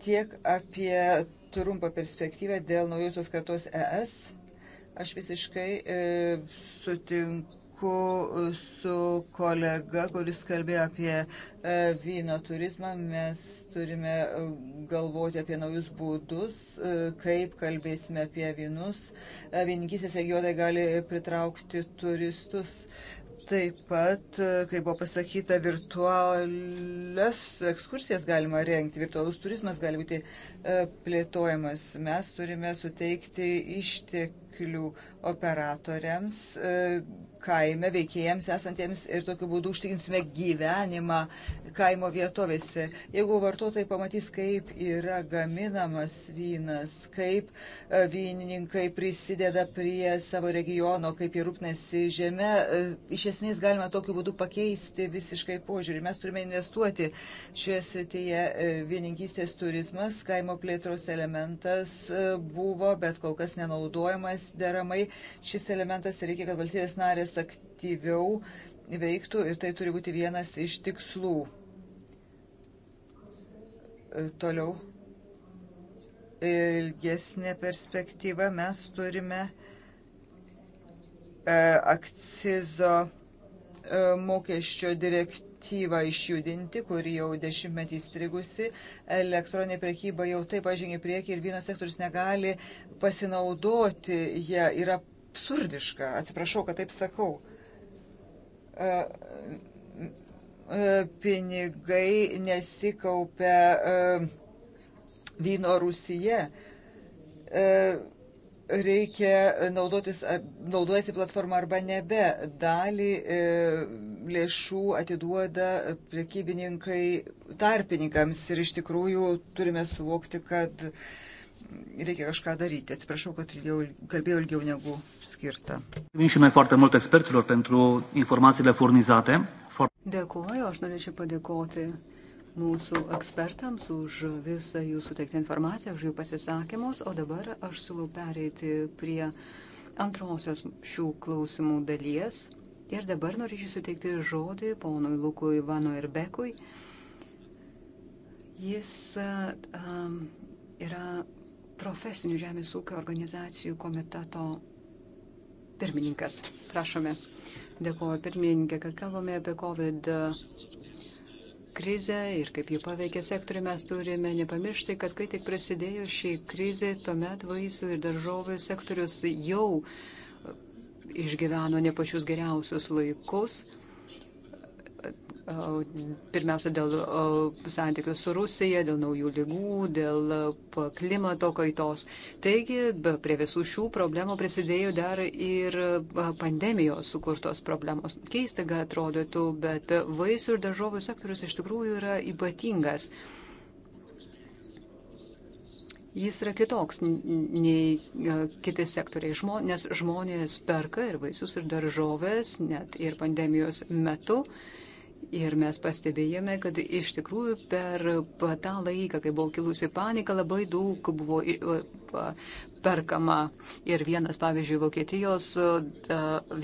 Tiek apie trumpą perspektyvą dėl naujosios kartos ES. Aš visiškai e, sutinku sutinku e, su kolega, kuris kalbėjo apie e, vyno turizmą. Mes turime e, galvoti apie naujus būdus, kaip kalbėsime apie vynus. Vininkysės regionai gali pritraukti turistus. Taip pat, kaip buvo pasakyta, virtualias ekskursijas galima rengti, virtualus turizmas gali būti plėtojamas. Mes turime suteikti išteklių operatoriams, kaime veikėjams esantiems ir tokiu būdu užtikrinsime gyvenimą kaimo vietovėse. Jeigu vartotojai pamatys, kaip yra gaminamas vynas, kaip e, vynininkai prisideda prie savo regiono, kaip jie rūpnasi žemę, e, iš esmės galima tokiu būdu pakeisti visiškai požiūrį. Mes turime investuoti šioje srityje e, vieningystės turizmas, kaimo plėtros elementas buvo, bet kol kas nenaudojamas deramai. Šis elementas reikia, kad valstybės narės narės aktyviau veiktų ir tai turi būti vienas iš tikslų. E, toliau ilgesnė perspektyva mes turime e, akcizo e, mokesčio direktyvą išjudinti, kuri jau dešimtmetį įstrigusi. Elektroninė prekyba jau taip pažengė priekį ir vyno sektorius negali pasinaudoti. Jie yra absurdiška, atsiprašau, kad taip sakau. E, e, pinigai nesikaupia e, vyno Rusija. Reikia naudotis, naudojasi platformą arba nebe. Dalį lėšų atiduoda prekybininkai tarpininkams ir iš tikrųjų turime suvokti, kad uh, reikia kažką daryti. Atsiprašau, kad ilgiau, kalbėjau ilgiau negu skirta.
Dėkuoju, aš norėčiau padėkoti mūsų ekspertams už visą jūsų teiktą informaciją, už jų pasisakymus, o dabar aš siūlau pereiti prie antrosios šių klausimų dalies. Ir dabar norėčiau suteikti žodį ponui Lukui Ivano ir Bekui. Jis um, yra profesinių žemės ūkio organizacijų komiteto pirmininkas. Prašome. Dėkuoju pirmininkė, kad kalbame apie COVID krizę ir kaip jį paveikė sektorių, mes turime nepamiršti, kad kai tik prasidėjo šį krizę, tuomet vaisių ir daržovių sektorius jau išgyveno ne pačius geriausius laikus pirmiausia dėl santykių su Rusija, dėl naujų lygų, dėl klimato kaitos. Taigi, prie visų šių problemų prisidėjo dar ir pandemijos sukurtos problemos. Keista, kad atrodytų, bet vaisių ir daržovių sektorius iš tikrųjų yra ypatingas. Jis yra kitoks nei kiti sektoriai, žmo, nes žmonės perka ir vaisius, ir daržovės, net ir pandemijos metu. Uh, Ir mes pastebėjome, kad iš tikrųjų per tą laiką, kai buvo kilusi panika, labai daug buvo perkama. Ir vienas, pavyzdžiui, Vokietijos,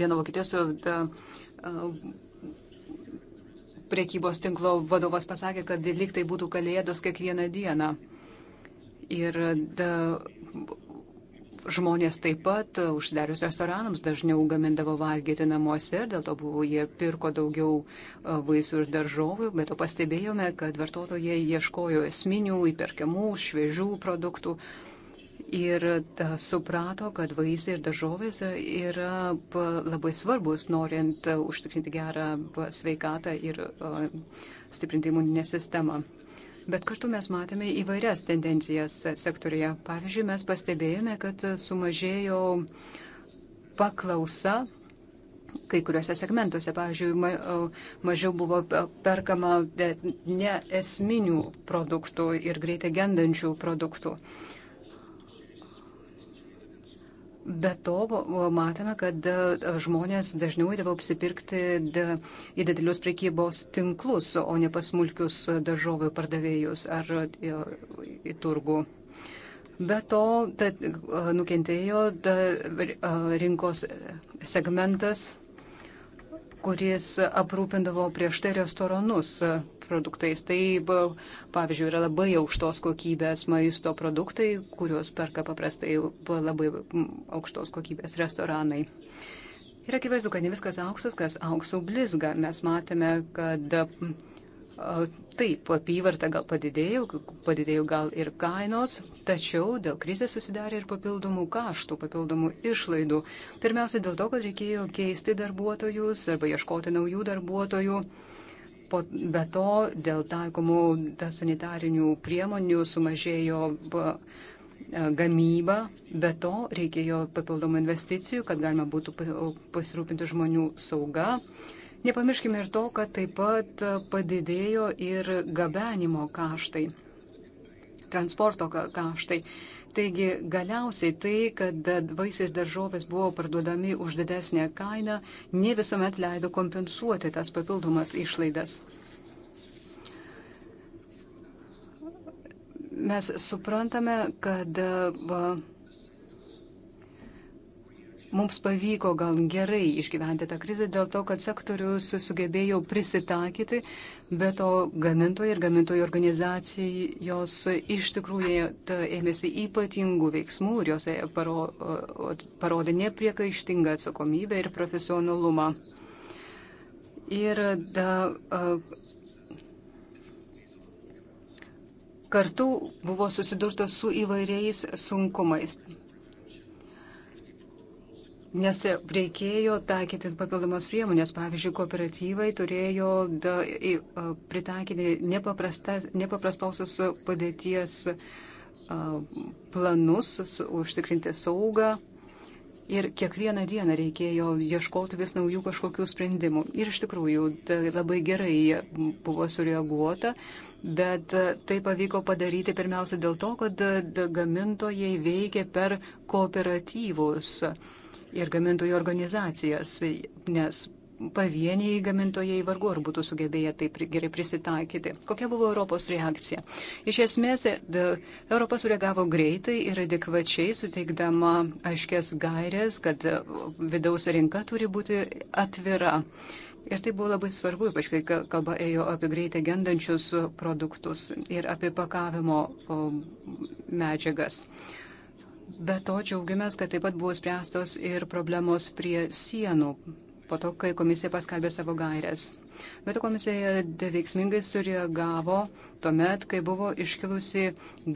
vieno Vokietijos priekybos tinklo vadovas pasakė, kad liktai būtų kalėdos kiekvieną dieną. Ir da, Žmonės taip pat e, užsidarius restoranams dažniau gamindavo valgyti namuose ir dėl to buvo jie pirko daugiau e, vaisių ir daržovių, bet to pastebėjome, kad vartotojai ieškojo esminių, įperkiamų, šviežių produktų ir e, ta, suprato, kad vaisiai ir daržovės yra labai svarbus, norint užtikrinti gerą sveikatą ir stiprinti imuninę sistemą. Bet kartu mes matėme įvairias tendencijas sektorija. Pavyzdžiui, mes pastebėjome, kad sumažėjo paklausa kai kuriuose segmentuose. Pavyzdžiui, mažiau buvo perkama neesminių produktų ir greitai gendančių produktų. Be to, matome, kad e, e, žmonės dažniau įdavo apsipirkti į didelius prekybos tinklus, o ne pas smulkius e, daržovių pardavėjus ar į turgų. Be to, ta, nukentėjo ta, rinkos segmentas, kuris aprūpindavo prieš tai restoranus, produktais. Tai, pavyzdžiui, yra labai aukštos kokybės maisto produktai, kuriuos perka paprastai labai aukštos kokybės restoranai. Ir akivaizdu, kad ne viskas auksas, kas auksų blizga. Mes matėme, kad Taip, apyvarta gal padidėjo, padidėjo gal ir kainos, tačiau dėl krizės susidarė ir papildomų kaštų, papildomų išlaidų. Pirmiausia dėl to, kad reikėjo keisti darbuotojus arba ieškoti naujų darbuotojų. Po, be to, dėl taikomų sanitarinių priemonių sumažėjo e, gamyba, be to reikėjo papildomų investicijų, kad galima būtų pasirūpinti žmonių sauga. Nepamirškime ir to, kad taip pat e, padidėjo ir gabenimo kaštai, transporto kaštai. Ka Taigi galiausiai tai, kad vaisiai ir daržovės buvo parduodami už didesnę kainą, ne visuomet leido kompensuoti tas papildomas išlaidas. Mes suprantame, kad va, Mums pavyko gal gerai išgyventi tą krizę dėl to, kad sektorius sugebėjo prisitakyti, bet to gamintojai ir gamintojų organizacijos iš tikrųjų ėmėsi ypatingų veiksmų ir jos paro, parodė nepriekaištingą atsakomybę ir profesionalumą. Ir da, kartu buvo susidurta su įvairiais sunkumais nes reikėjo taikyti papildomas priemonės. Pavyzdžiui, kooperatyvai turėjo da, į, pritaikyti nepaprastosios padėties planus, užtikrinti saugą. Ir kiekvieną dieną reikėjo ieškoti vis naujų kažkokių sprendimų. Ir iš tikrųjų tai labai gerai buvo sureaguota, bet tai pavyko padaryti pirmiausia dėl to, kad gamintojai veikia per kooperatyvus. Uh, ir gamintojų organizacijas, nes pavieniai gamintojai vargu ar būtų sugebėję taip gerai prisitaikyti. Kokia buvo Europos reakcija? Iš esmės, e, Europa sureagavo greitai ir adekvačiai, suteikdama aiškės gairės, kad e, vidaus rinka turi būti atvira. Ir tai buvo labai svarbu, ypač kai kalba ėjo apie greitai gendančius produktus ir apie pakavimo medžiagas. Uh, Be to džiaugiamės, kad taip pat buvo spręstos ir problemos prie sienų po to, kai komisija paskelbė savo gairias. Bet komisija veiksmingai sureagavo tuomet, kai buvo iškilusi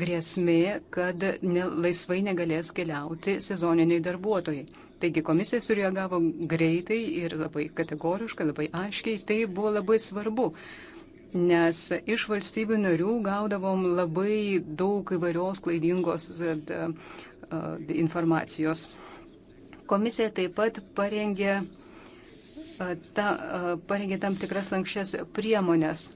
grėsmė, kad ne, laisvai negalės keliauti sezoniniai darbuotojai. Taigi komisija sureagavo greitai ir labai kategoriškai, labai aiškiai. Tai buvo labai svarbu, nes iš valstybių narių gaudavom labai daug įvairios klaidingos. Uh, informacijos. Komisija taip pat parengė, ta, parengė tam tikras lankščias priemonės.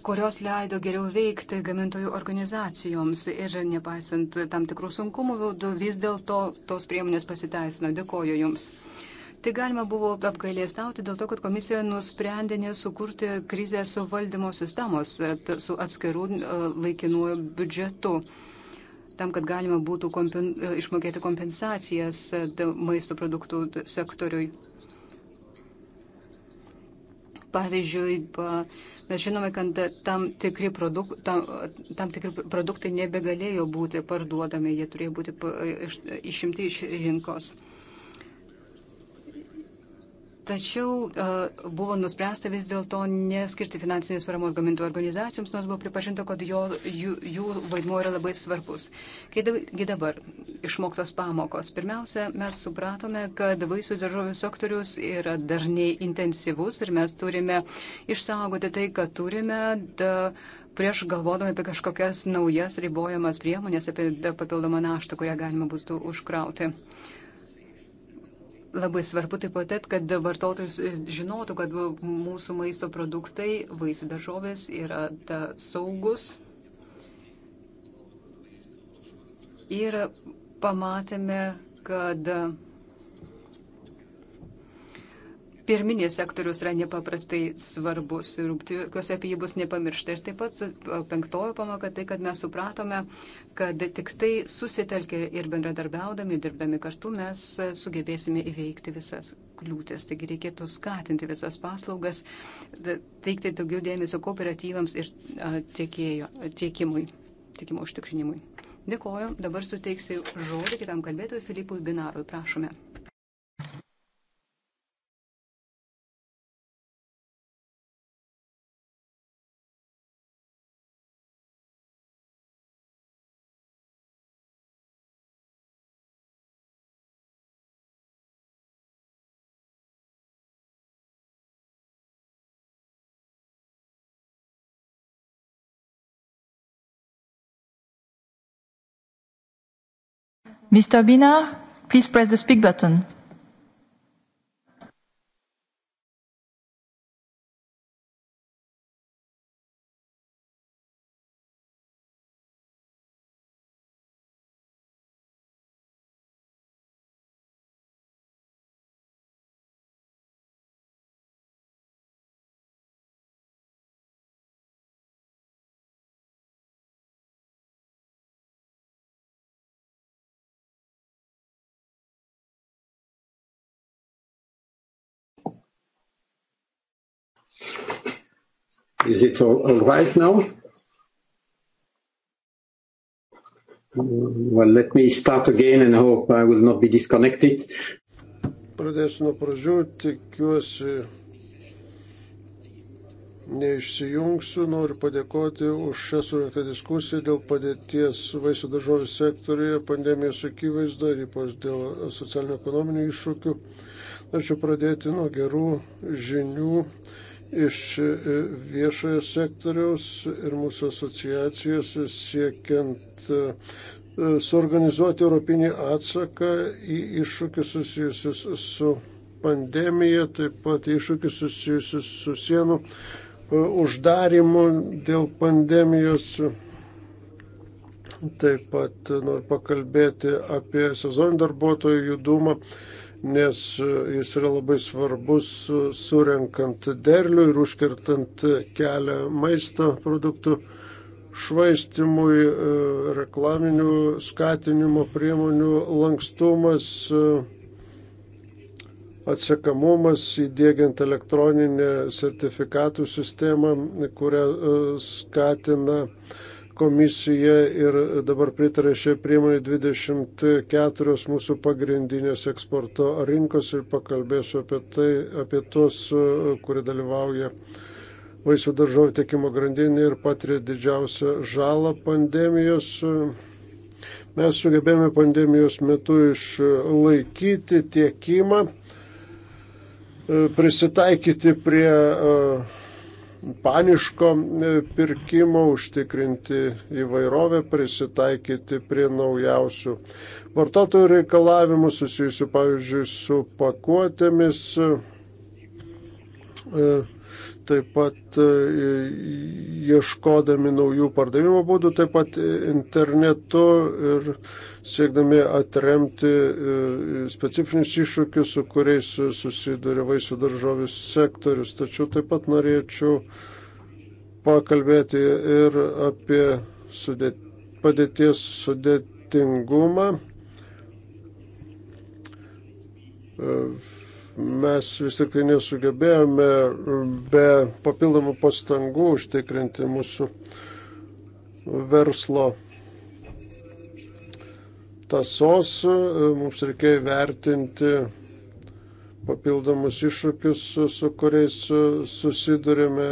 kurios leido geriau veikti gamintojų organizacijoms ir nepaisant tam tikrų sunkumų, vis dėlto tos priemonės pasiteisino. Dėkoju Jums. Tik galima buvo apgailėstauti dėl to, kad komisija nusprendė nesukurti krizės suvaldymo sistemos e, su atskirų e, laikinuoju biudžetu tam, kad galima būtų kompen, e, išmokėti kompensacijas maisto produktų sektoriui. Pavyzdžiui, mes žinome, kad tam tikri, produk, tam, tam tikri produktai nebegalėjo būti parduodami, jie turėjo būti išimti iš rinkos. Tačiau uh, buvo nuspręsta vis dėlto neskirti finansinės paramos gamintų organizacijoms, nors buvo pripažinta, kad jo, jų, jų vaidmuo yra labai svarbus. Kaipgi dabar išmoktos pamokos? Pirmiausia, mes supratome, kad vaisių daržovių sektorius yra darniai intensyvus ir mes turime išsaugoti tai, kad turime. Da, prieš galvodami apie kažkokias naujas ribojamas priemonės, apie papildomą naštą, kurią galima būtų užkrauti. Uh, Labai svarbu taip pat, kad vartotojas e, žinotų, kad mūsų maisto produktai, vaisių daržovės yra da saugus. Ir pamatėme, kad pirminis sektorius yra nepaprastai svarbus ir tikiuosi apie jį bus nepamiršta. Ir taip pat penktojo pamoka tai, kad mes supratome, kad tik tai susitelkę ir bendradarbiaudami, dirbdami kartu mes sugebėsime įveikti visas kliūtis. Taigi reikėtų skatinti visas paslaugas, teikti daugiau dėmesio kooperatyvams ir tiekėjo, tiekimui, tiekimo užtikrinimui. Dėkoju.
Dabar suteiksiu žodį kitam kalbėtojui Filipui Binarui. Prašome. Mr. Bina, please press the speak button. Is it all, all right now? Mm,
well, let me start again and hope I will not be disconnected. Pradėsiu nuo pradžių, tikiuosi neišsijungsiu. Noriu padėkoti už šią surinktą diskusiją dėl padėties vaisių daržovių sektoriuje, pandemijos akivaizdo ir ypač dėl socialinio ekonominio iššūkių. Norėčiau pradėti nuo gerų žinių iš e, viešojo sektoriaus ir mūsų asociacijos siekiant e, e, suorganizuoti europinį atsaką į iššūkius susijusius su pandemija, taip pat iššūkius susijusius su sienų uždarimu dėl pandemijos. Taip pat noriu pakalbėti apie sezoninį darbuotojų judumą nes e, jis yra labai svarbus e, surenkant derlių ir užkirtant kelią maisto produktų švaistimui, e, reklaminių skatinimo priemonių lankstumas, atsekamumas, įdėgiant elektroninę sertifikatų sistemą, kurią skatina uh, komisija ir dabar pritarė šią priemonę 24 mūsų pagrindinės eksporto rinkos ir pakalbėsiu apie tai, apie tuos, kurie dalyvauja vaisių daržovių tiekimo grandinė ir patiria didžiausią žalą pandemijos. Mes sugebėjome pandemijos metu išlaikyti tiekimą, prisitaikyti prie uh, paniško e, pirkimo, užtikrinti įvairovę, prisitaikyti prie naujausių vartotojų reikalavimų susijusių, pavyzdžiui, su pakuotėmis. E, taip pat e, ieškodami naujų pardavimo būdų, taip pat internetu ir siekdami atremti e, specifinius iššūkius, su kuriais susiduria vaisių daržovis sektorius. Tačiau taip pat norėčiau pakalbėti ir apie sudėt, padėties sudėtingumą. Uh, mes vis tik tai nesugebėjome be papildomų pastangų užtikrinti mūsų verslo tasos, mums reikėjo vertinti papildomus iššūkius, su kuriais susidurėme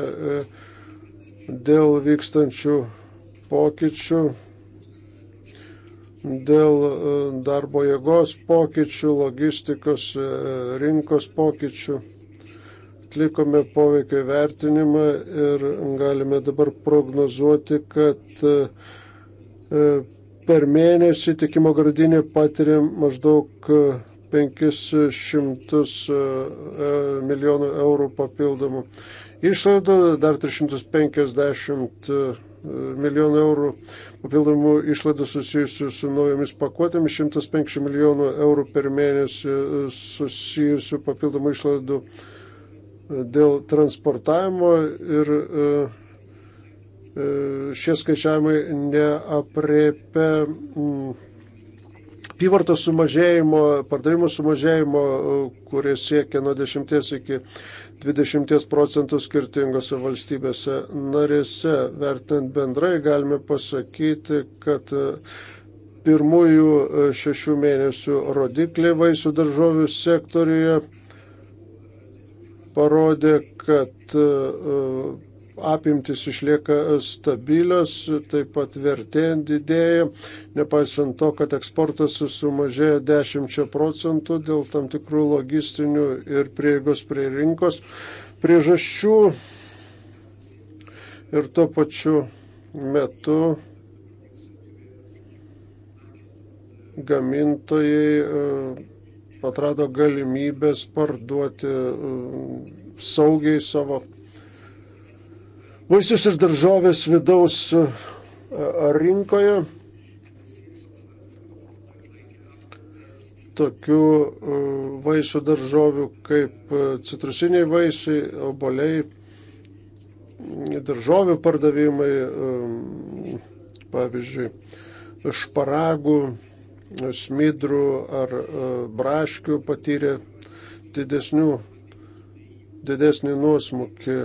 dėl vykstančių pokyčių dėl e, darbo jėgos pokyčių, logistikos, e, rinkos pokyčių. Atlikome poveikio vertinimą ir galime dabar prognozuoti, kad e, per mėnesį tikimo gradinė patiria maždaug 500 milijonų eurų papildomų išlaidų, dar 350 milijonų eurų papildomų išlaidų susijusių su naujomis pakuotėmis, 150 milijonų eurų per mėnesį e, susijusių papildomų išlaidų e, dėl transportavimo ir e, šie skaičiavimai neapriepia apyvartos sumažėjimo, pardavimų sumažėjimo, e, kurie siekia nuo 10 iki 20 procentų skirtingose valstybėse narėse. Vertinant bendrai, galime pasakyti, kad e, pirmųjų e, šešių mėnesių rodikliai vaisių daržovių sektoriuje parodė, kad apimtis išlieka stabilios, taip pat vertė didėja, nepaisant to, kad eksportas sumažėjo 10 procentų dėl tam tikrų logistinių ir prieigos prie rinkos priežasčių. Ir tuo pačiu metu gamintojai e, atrado galimybės parduoti e, saugiai savo vaisius ir daržovės vidaus e, rinkoje. Tokių e, vaisių daržovių kaip e, citrusiniai vaisiai, oboliai, daržovių pardavimai, pavyzdžiui, šparagų, smidrų ar braškių patyrė didesnių, didesnį nuosmukį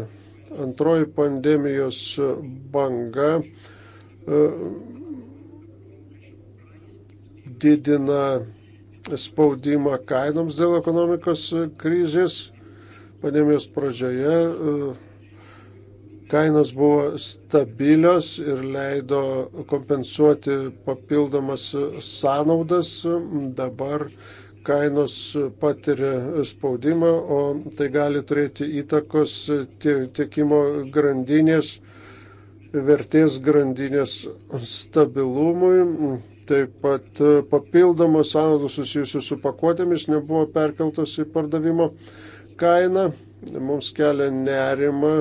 Antroji pandemijos banga e, didina spaudimą kainoms dėl ekonomikos krizės. Pandemijos pradžioje e, kainos buvo stabilios ir leido kompensuoti papildomas sąnaudas. Dabar kainos patiria spaudimą, o tai gali turėti įtakos tiekimo grandinės, vertės grandinės stabilumui. Taip pat papildomos sąnaudos susijusios su pakuotėmis nebuvo perkeltos į pardavimo kainą. Mums kelia nerima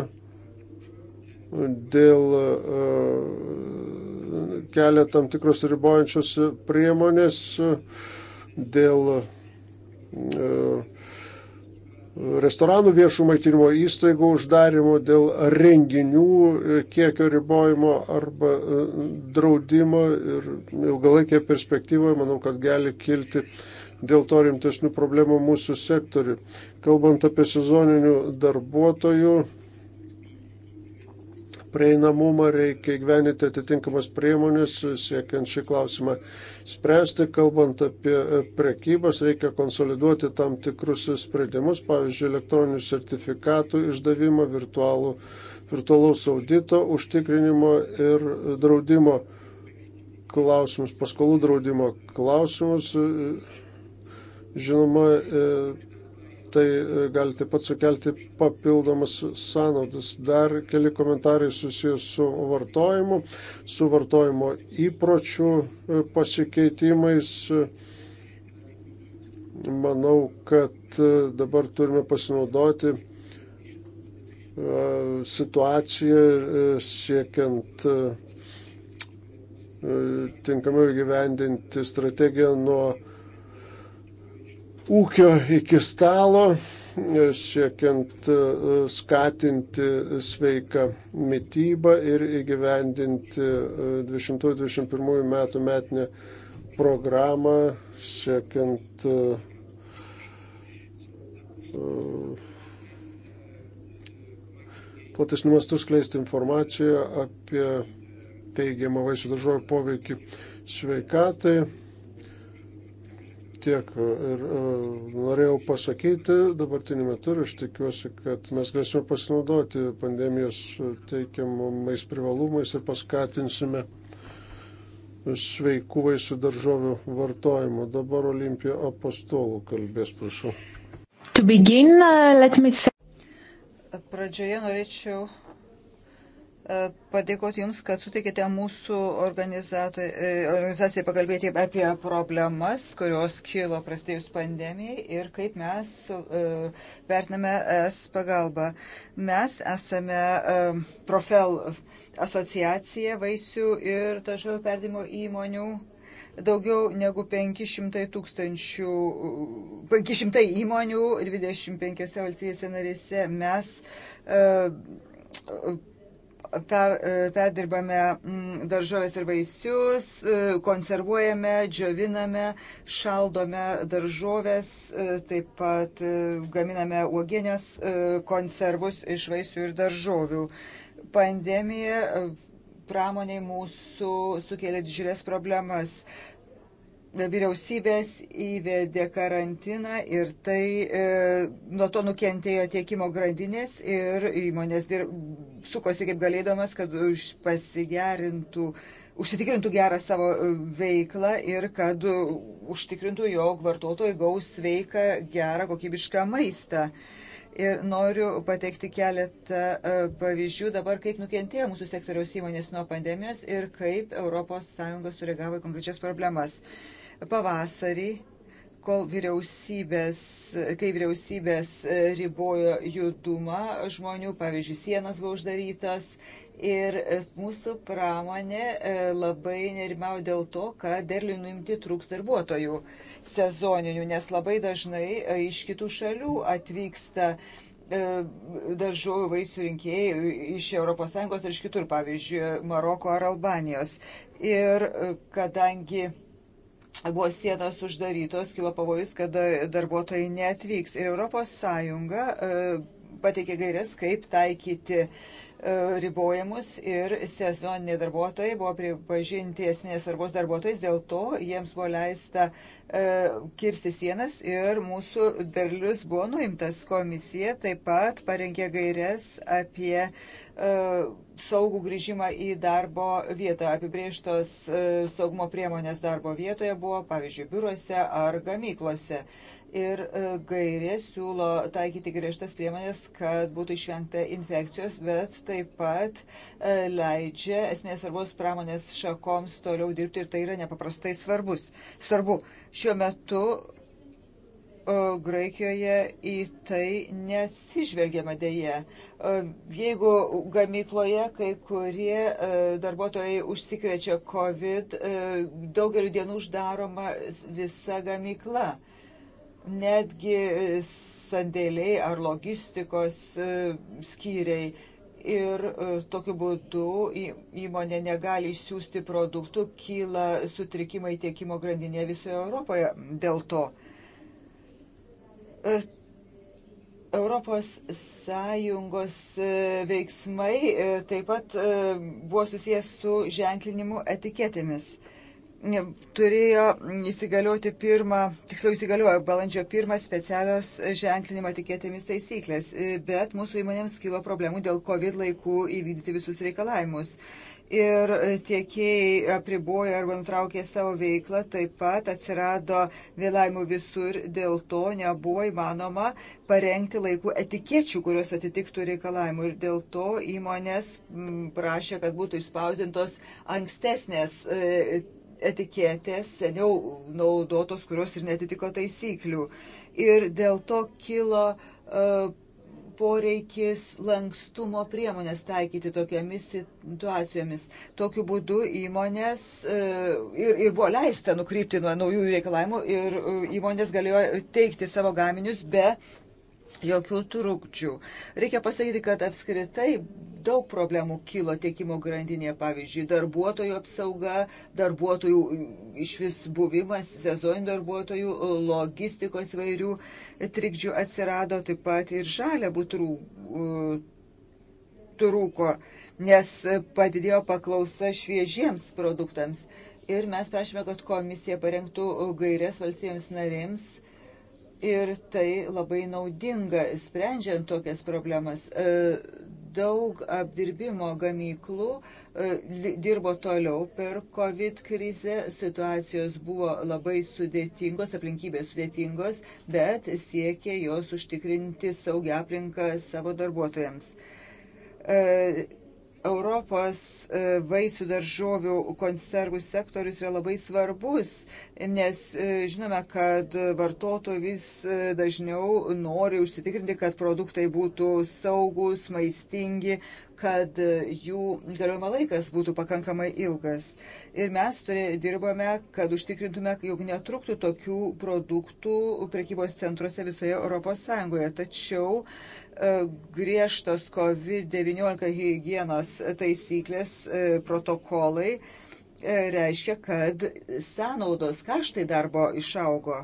dėl e, kelia tam tikros ribojančios priemonės dėl E, restoranų viešų maitinimo įstaigų uždarimo, dėl renginių e, kiekio ribojimo arba e, draudimo ir ilgalaikėje perspektyvoje manau, kad gali kilti dėl to rimtesnių problemų mūsų sektoriui. Kalbant apie sezoninių darbuotojų prieinamumą, reikia gyveninti atitinkamas priemonės, siekiant šį klausimą spręsti. Kalbant apie e, prekybas, reikia konsoliduoti tam tikrus sprendimus, pavyzdžiui, elektroninių sertifikatų išdavimą, virtualų, virtualaus audito užtikrinimo ir draudimo klausimus, paskolų draudimo klausimus. Žinoma, e, tai e, gali taip pat sukelti papildomas sąnaudas. Dar keli komentarai susijęs su vartojimu, su vartojimo įpročių e, pasikeitimais. Manau, kad e, dabar turime pasinaudoti situaciją siekiant tinkamiau gyvendinti strategiją nuo ūkio iki stalo, e, siekiant e, skatinti sveiką mytybą ir įgyvendinti 2021 e, metų metinę programą, siekiant platesnių mastų skleisti informaciją apie teigiamą vaisių daržovių poveikį sveikatai tiek e, ir e, norėjau pasakyti dabartiniu metu ir aš tikiuosi, kad mes galėsime pasinaudoti pandemijos teikiamais privalumais ir paskatinsime sveikų vaisių daržovių vartojimo. Dabar Olimpija apostolų kalbės, prašau.
Begin, uh, me...
Pradžioje norėčiau padėkoti Jums, kad suteikėte mūsų e, organizacijai pakalbėti apie problemas, kurios kilo prasidėjus pandemijai ir kaip mes e, vertiname es pagalbą. Mes esame e, Profel asociacija vaisių ir tažiau perdimo įmonių. Daugiau negu 500 tūkstančių, 500 įmonių 25 valstybėse narėse mes uh, per, e, perdirbame mm, daržovės ir vaisius, e, konservuojame, džioviname, šaldome daržovės, e, taip pat gaminame uogienės konservus iš vaisių ir daržovių. Pandemija pramoniai mūsų sukėlė didžiulės problemas vyriausybės įvedė karantiną ir tai e, nuo to nukentėjo tiekimo grandinės ir įmonės dir, sukosi kaip galėdamas, kad už pasigerintų, užsitikrintų gerą savo e, veiklą ir kad užtikrintų, jog vartotojai gaus sveiką, gerą, kokybišką maistą. Ir noriu pateikti keletą e, pavyzdžių dabar, kaip nukentėjo mūsų sektoriaus įmonės nuo pandemijos ir kaip ES sureagavo į konkrečias problemas pavasarį, kol vyriausybės, kai vyriausybės e, ribojo judumą žmonių, pavyzdžiui, sienos buvo uždarytos ir e, mūsų pramonė e, labai nerimau dėl to, kad derliui nuimti trūks darbuotojų sezoninių, nes labai dažnai iš kitų šalių atvyksta daržovių vaisių rinkėjai iš ES ir iš kitur, pavyzdžiui, Maroko ar Albanijos. Ir kadangi buvo sienos uždarytos, kilo pavojus, kad darbuotojai neatvyks. Ir Europos Sąjunga e, pateikė gairias, kaip taikyti e, ribojimus ir sezoniniai darbuotojai buvo pripažinti esminės svarbos darbuotojais, dėl to jiems buvo leista e, kirsti sienas ir mūsų derlius buvo nuimtas. Komisija taip pat parengė gairias apie saugų grįžimą į darbo vietą. Apibrėžtos e, saugumo priemonės darbo vietoje buvo, pavyzdžiui, biuruose ar gamyklose. Ir e, gairė siūlo taikyti griežtas priemonės, kad būtų išvengta infekcijos, bet taip pat e, leidžia esmės svarbos pramonės šakoms toliau dirbti ir tai yra nepaprastai svarbus. Svarbu, šiuo metu Graikijoje į tai nesižvelgiama dėje. Jeigu gamykloje kai kurie e, darbuotojai užsikrečia COVID, e, daugeliu dienų uždaroma visa gamykla. Netgi e, sandėliai ar logistikos skyriai. Ir tokiu būdu įmonė negali išsiųsti produktų, kyla sutrikimai tiekimo grandinė visoje Europoje dėl to. Europos Sąjungos e, veiksmai e, taip pat e, buvo susijęs su ženklinimu etiketėmis. Turėjo įsigalioti pirmą, tiksliau įsigaliojo balandžio pirmą specialios ženklinimo etiketėmis taisyklės, bet mūsų įmonėms kilo problemų dėl COVID laikų įvykdyti visus reikalavimus ir tiekėjai apribojo arba nutraukė savo veiklą, taip pat atsirado vėlavimų visur, dėl to nebuvo įmanoma parengti laikų etikečių, kurios atitiktų reikalavimų ir dėl to įmonės prašė, kad būtų išspausintos ankstesnės e, etiketės, seniau naudotos, kurios ir netitiko taisyklių. Ir dėl to kilo uh, poreikis lankstumo priemonės taikyti tokiamis situacijomis. Tokiu būdu įmonės e, ir, ir buvo leista nukrypti nuo naujųjų reikalavimų ir e, įmonės galėjo teikti savo gaminius be jokių trūkčių. Reikia pasakyti, kad apskritai daug problemų kilo tiekimo grandinėje, pavyzdžiui, darbuotojų apsauga, darbuotojų mm, iš vis buvimas, sezoninių darbuotojų, logistikos vairių trikdžių atsirado, taip pat ir žalia būtų trūko, nes padidėjo paklausa šviežiems produktams. Ir mes prašome, kad komisija parengtų gairias valstybėms narėms Ir tai labai naudinga, sprendžiant tokias problemas. E, daug apdirbimo gamyklų e, dirbo toliau per COVID krizę, situacijos buvo labai sudėtingos, aplinkybės sudėtingos, bet siekė jos užtikrinti saugią aplinką savo darbuotojams e, Europos e, vaisių daržovių konservų sektorius yra labai svarbus, nes e, žinome, kad vartotojai vis e, dažniau nori užsitikrinti, kad produktai būtų saugus, maistingi, kad jų galiojimo laikas būtų pakankamai ilgas. Ir mes turė, dirbame, kad užtikrintume, jog netruktų tokių produktų prekybos centruose visoje ES. Tačiau E, griežtos COVID-19 hygienos taisyklės e, protokolai e, reiškia, kad sąnaudos kaštai darbo išaugo.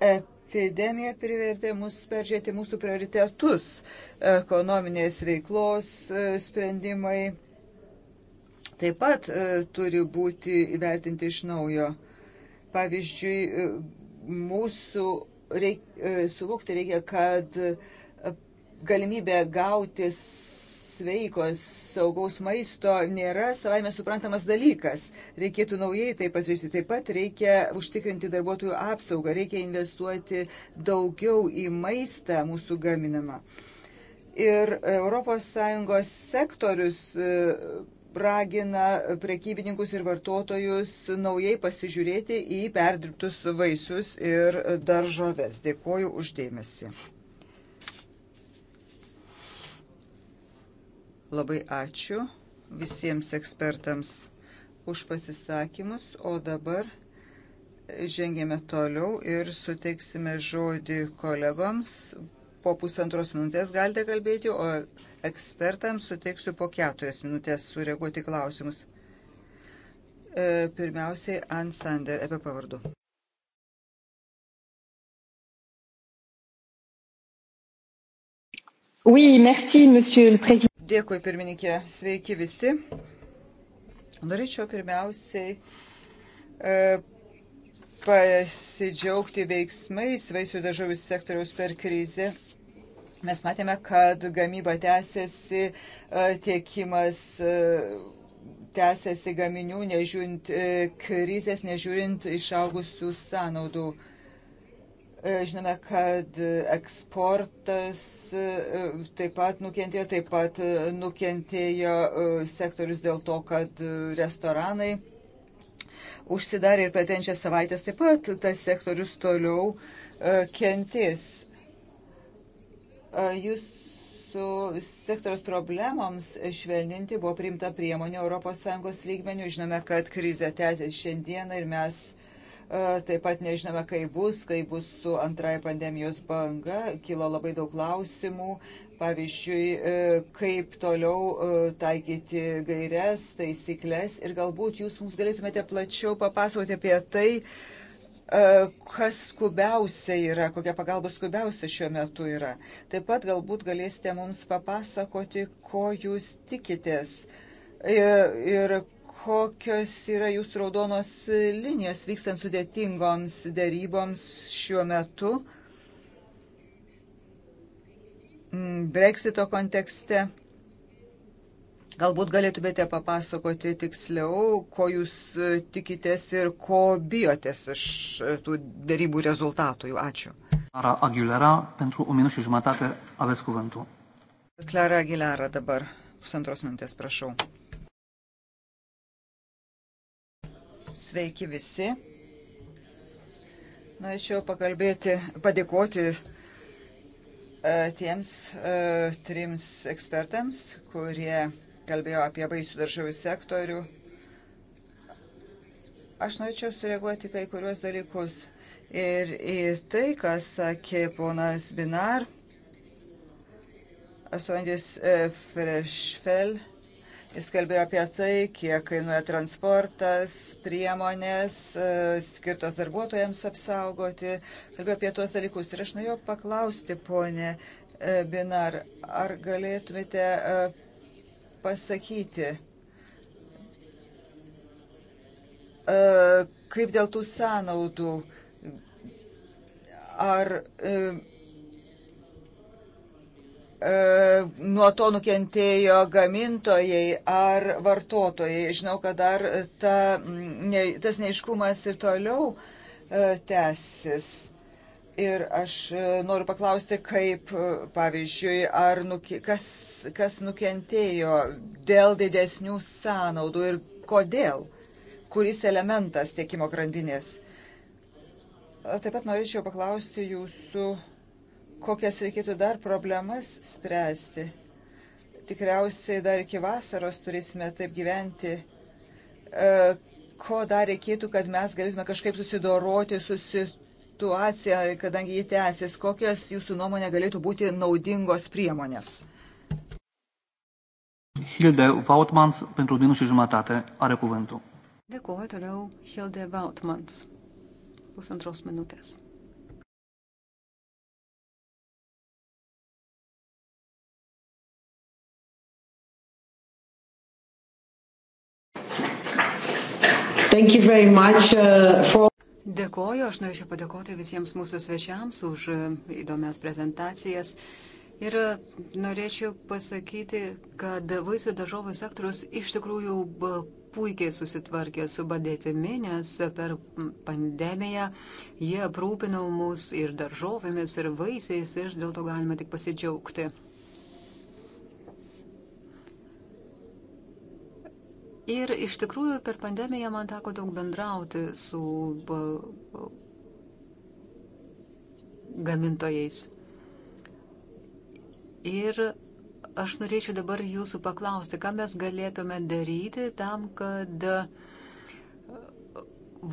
Epidemija privertė mus peržiūrėti mūsų prioritetus - ekonominės veiklos sprendimai. Taip pat turi būti įvertinti iš naujo. Pavyzdžiui, mūsų reik, e, suvokti reikia, kad e, galimybė gauti sveikos, saugaus maisto nėra savaime suprantamas dalykas. Reikėtų naujai tai pasižiūrėti. Taip pat reikia užtikrinti darbuotojų apsaugą, reikia investuoti daugiau į maistą mūsų gaminamą. Ir ES sektorius e, ragina prekybininkus ir vartotojus naujai pasižiūrėti į perdirbtus vaisius ir daržoves. Dėkuoju uždėmesi. Labai ačiū visiems ekspertams už pasisakymus, o dabar žengėme toliau ir suteiksime žodį kolegoms po pusantros minutės galite kalbėti, o ekspertams suteiksiu po keturias minutės sureaguoti klausimus. E, pirmiausiai
Ann Sander apie pavardų. Oui, merci, monsieur le président. Dėkui, pirmininkė.
Sveiki visi. Norėčiau pirmiausiai e, pasidžiaugti veiksmais vaisių dažovių sektoriaus per krizę Mes matėme, kad gamyba tęsiasi, e, tiekimas e, tęsiasi gaminių, nežiūrint e, krizės, nežiūrint išaugusių sąnaudų. Žinome, kad eksportas taip pat nukentėjo, taip pat nukentėjo sektorius dėl to, kad restoranai užsidarė ir pretenčią savaitę taip pat tas sektorius toliau kentės Jūsų sektoriaus problemoms švelninti buvo priimta priemonė ES lygmenių. Žinome, kad krizė tęsiasi šiandieną ir mes taip pat nežinome, kaip bus, kaip bus su antraja pandemijos banga. Kilo labai daug klausimų, pavyzdžiui, kaip toliau taikyti gairias, taisyklės ir galbūt jūs mums galėtumėte plačiau papasakoti apie tai, E, kas skubiausia yra, kokia pagalba skubiausia šiuo metu yra. Taip pat galbūt galėsite mums papasakoti, ko jūs tikitės e, ir kokios yra jūsų raudonos linijos vykstant sudėtingoms dėryboms šiuo metu. Mm, Brexito kontekste Galbūt galėtumėte papasakoti tiksliau, ko jūs e, tikitės ir ko bijotės iš e, tų darybų rezultatų. Ačiū.
Clara Aguilera, pentru un minut și jumătate aveți cuvântul.
Clara Aguilera dabar, pusantros minutės, prašau. Sveiki visi. Norėčiau pakalbėti, padėkoti e, tiems trims ekspertams, kurie kalbėjo apie vaisių daržovių sektorių. Aš norėčiau sureaguoti kai kuriuos dalykus. Ir į tai, kas sakė ponas Binar, Asondis e, Frešfel, jis kalbėjo apie tai, kiek kainuoja transportas, priemonės e, skirtos darbuotojams apsaugoti, kalbėjo apie tuos dalykus. Ir aš norėjau paklausti, ponė e, Binar, ar galėtumėte pasakyti. E, kaip dėl tų sąnaudų? Ar e, e, nuo to nukentėjo gamintojai ar vartotojai. Žinau, kad dar ta, ne, tas neiškumas ir toliau tęsis. Ir aš e, noriu paklausti, kaip, e, pavyzdžiui, ar nuki, kas, kas nukentėjo dėl didesnių sąnaudų ir kodėl, kuris elementas tiekimo grandinės. Taip pat norėčiau paklausti jūsų, kokias reikėtų dar problemas spręsti. Tikriausiai dar iki vasaros turėsime taip gyventi, e, ko dar reikėtų, kad mes galėtume kažkaip susidoroti, susitikti situacija, kadangi jį tęsis, kokios jūsų nuomonė galėtų būti naudingos priemonės?
Hilde Vautmans, pentru minut și jumătate, are cuvântul.
Dėkuoju toliau Hilde
Vautmans. Pusantros minutės. Thank you very much uh, for
Dėkoju, aš norėčiau padėkoti visiems mūsų svečiams už e, įdomias prezentacijas. Ir e, norėčiau pasakyti, kad vaisių daržovių sektorius iš tikrųjų puikiai susitvarkė su badėtimi, nes per pandemiją jie aprūpino mus ir daržovėmis, ir vaisiais, ir dėl to galime tik pasidžiaugti. Ir iš tikrųjų per pandemiją man teko daug bendrauti su gamintojais. Ir aš norėčiau dabar jūsų paklausti, ką mes galėtume daryti tam, kad e,